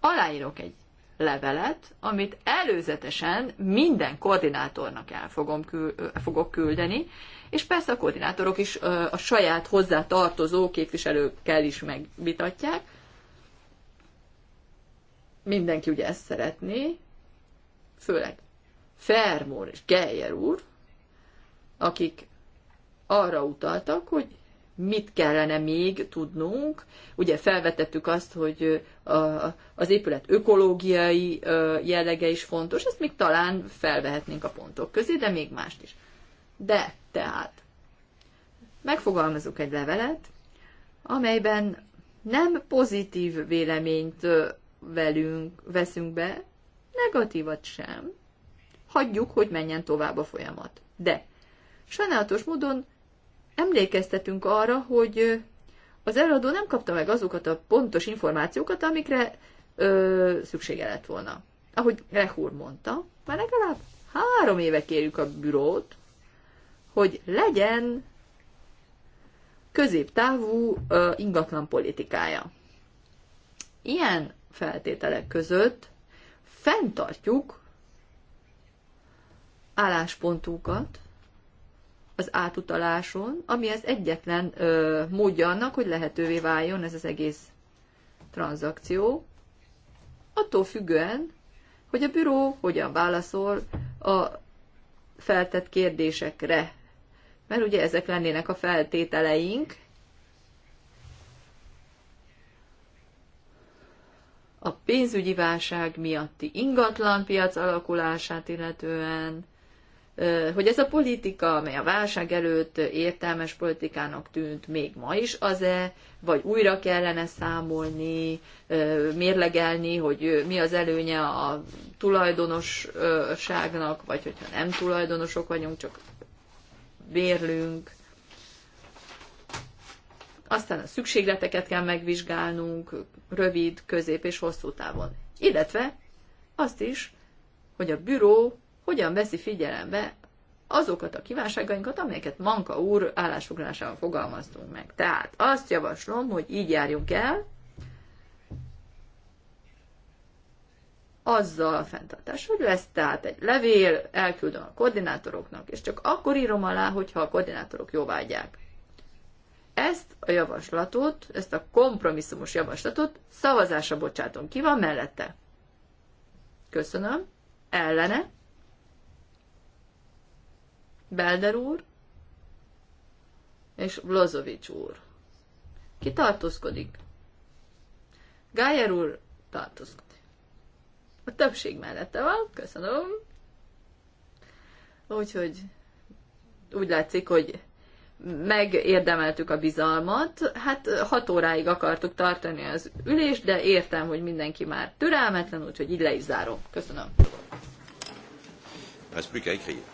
Aláírok egy levelet, amit előzetesen minden koordinátornak el fogom kül- fogok küldeni, és persze a koordinátorok is a saját hozzá tartozó képviselőkkel is megvitatják. Mindenki ugye ezt szeretné, főleg Fermor és Geyer úr, akik arra utaltak, hogy mit kellene még tudnunk. Ugye felvetettük azt, hogy a, az épület ökológiai jellege is fontos, ezt még talán felvehetnénk a pontok közé, de még mást is. De, tehát, megfogalmazok egy levelet, amelyben nem pozitív véleményt velünk, veszünk be, negatívat sem. Hagyjuk, hogy menjen tovább a folyamat. De sajnálatos módon emlékeztetünk arra, hogy az eladó nem kapta meg azokat a pontos információkat, amikre ö, szüksége lett volna. Ahogy Rehúr mondta, már legalább három éve kérjük a bürót, hogy legyen középtávú ingatlan politikája. Ilyen feltételek között fenntartjuk álláspontunkat az átutaláson, ami az egyetlen ö, módja annak, hogy lehetővé váljon ez az egész tranzakció, attól függően, hogy a büró hogyan válaszol a feltett kérdésekre mert ugye ezek lennének a feltételeink, a pénzügyi válság miatti ingatlanpiac alakulását illetően, hogy ez a politika, amely a válság előtt értelmes politikának tűnt, még ma is az-e, vagy újra kellene számolni, mérlegelni, hogy mi az előnye a tulajdonosságnak, vagy hogyha nem tulajdonosok vagyunk, csak bérlünk. Aztán a szükségleteket kell megvizsgálnunk rövid, közép és hosszú távon. Illetve azt is, hogy a büró hogyan veszi figyelembe azokat a kívánságainkat, amelyeket Manka úr állásfoglalásával fogalmaztunk meg. Tehát azt javaslom, hogy így járjunk el, azzal a fenntartás, hogy lesz tehát egy levél, elküldöm a koordinátoroknak, és csak akkor írom alá, hogyha a koordinátorok jóvágyják. Ezt a javaslatot, ezt a kompromisszumos javaslatot szavazásra bocsátom. Ki van mellette? Köszönöm. Ellene? Belder úr? És Vlozovics úr. Ki tartózkodik? Gájer úr tartózkodik. A többség mellette van, köszönöm. Úgyhogy úgy látszik, hogy megérdemeltük a bizalmat. Hát hat óráig akartuk tartani az ülést, de értem, hogy mindenki már türelmetlen, úgyhogy így le is zárom. Köszönöm. Ez plus qu'à écrire.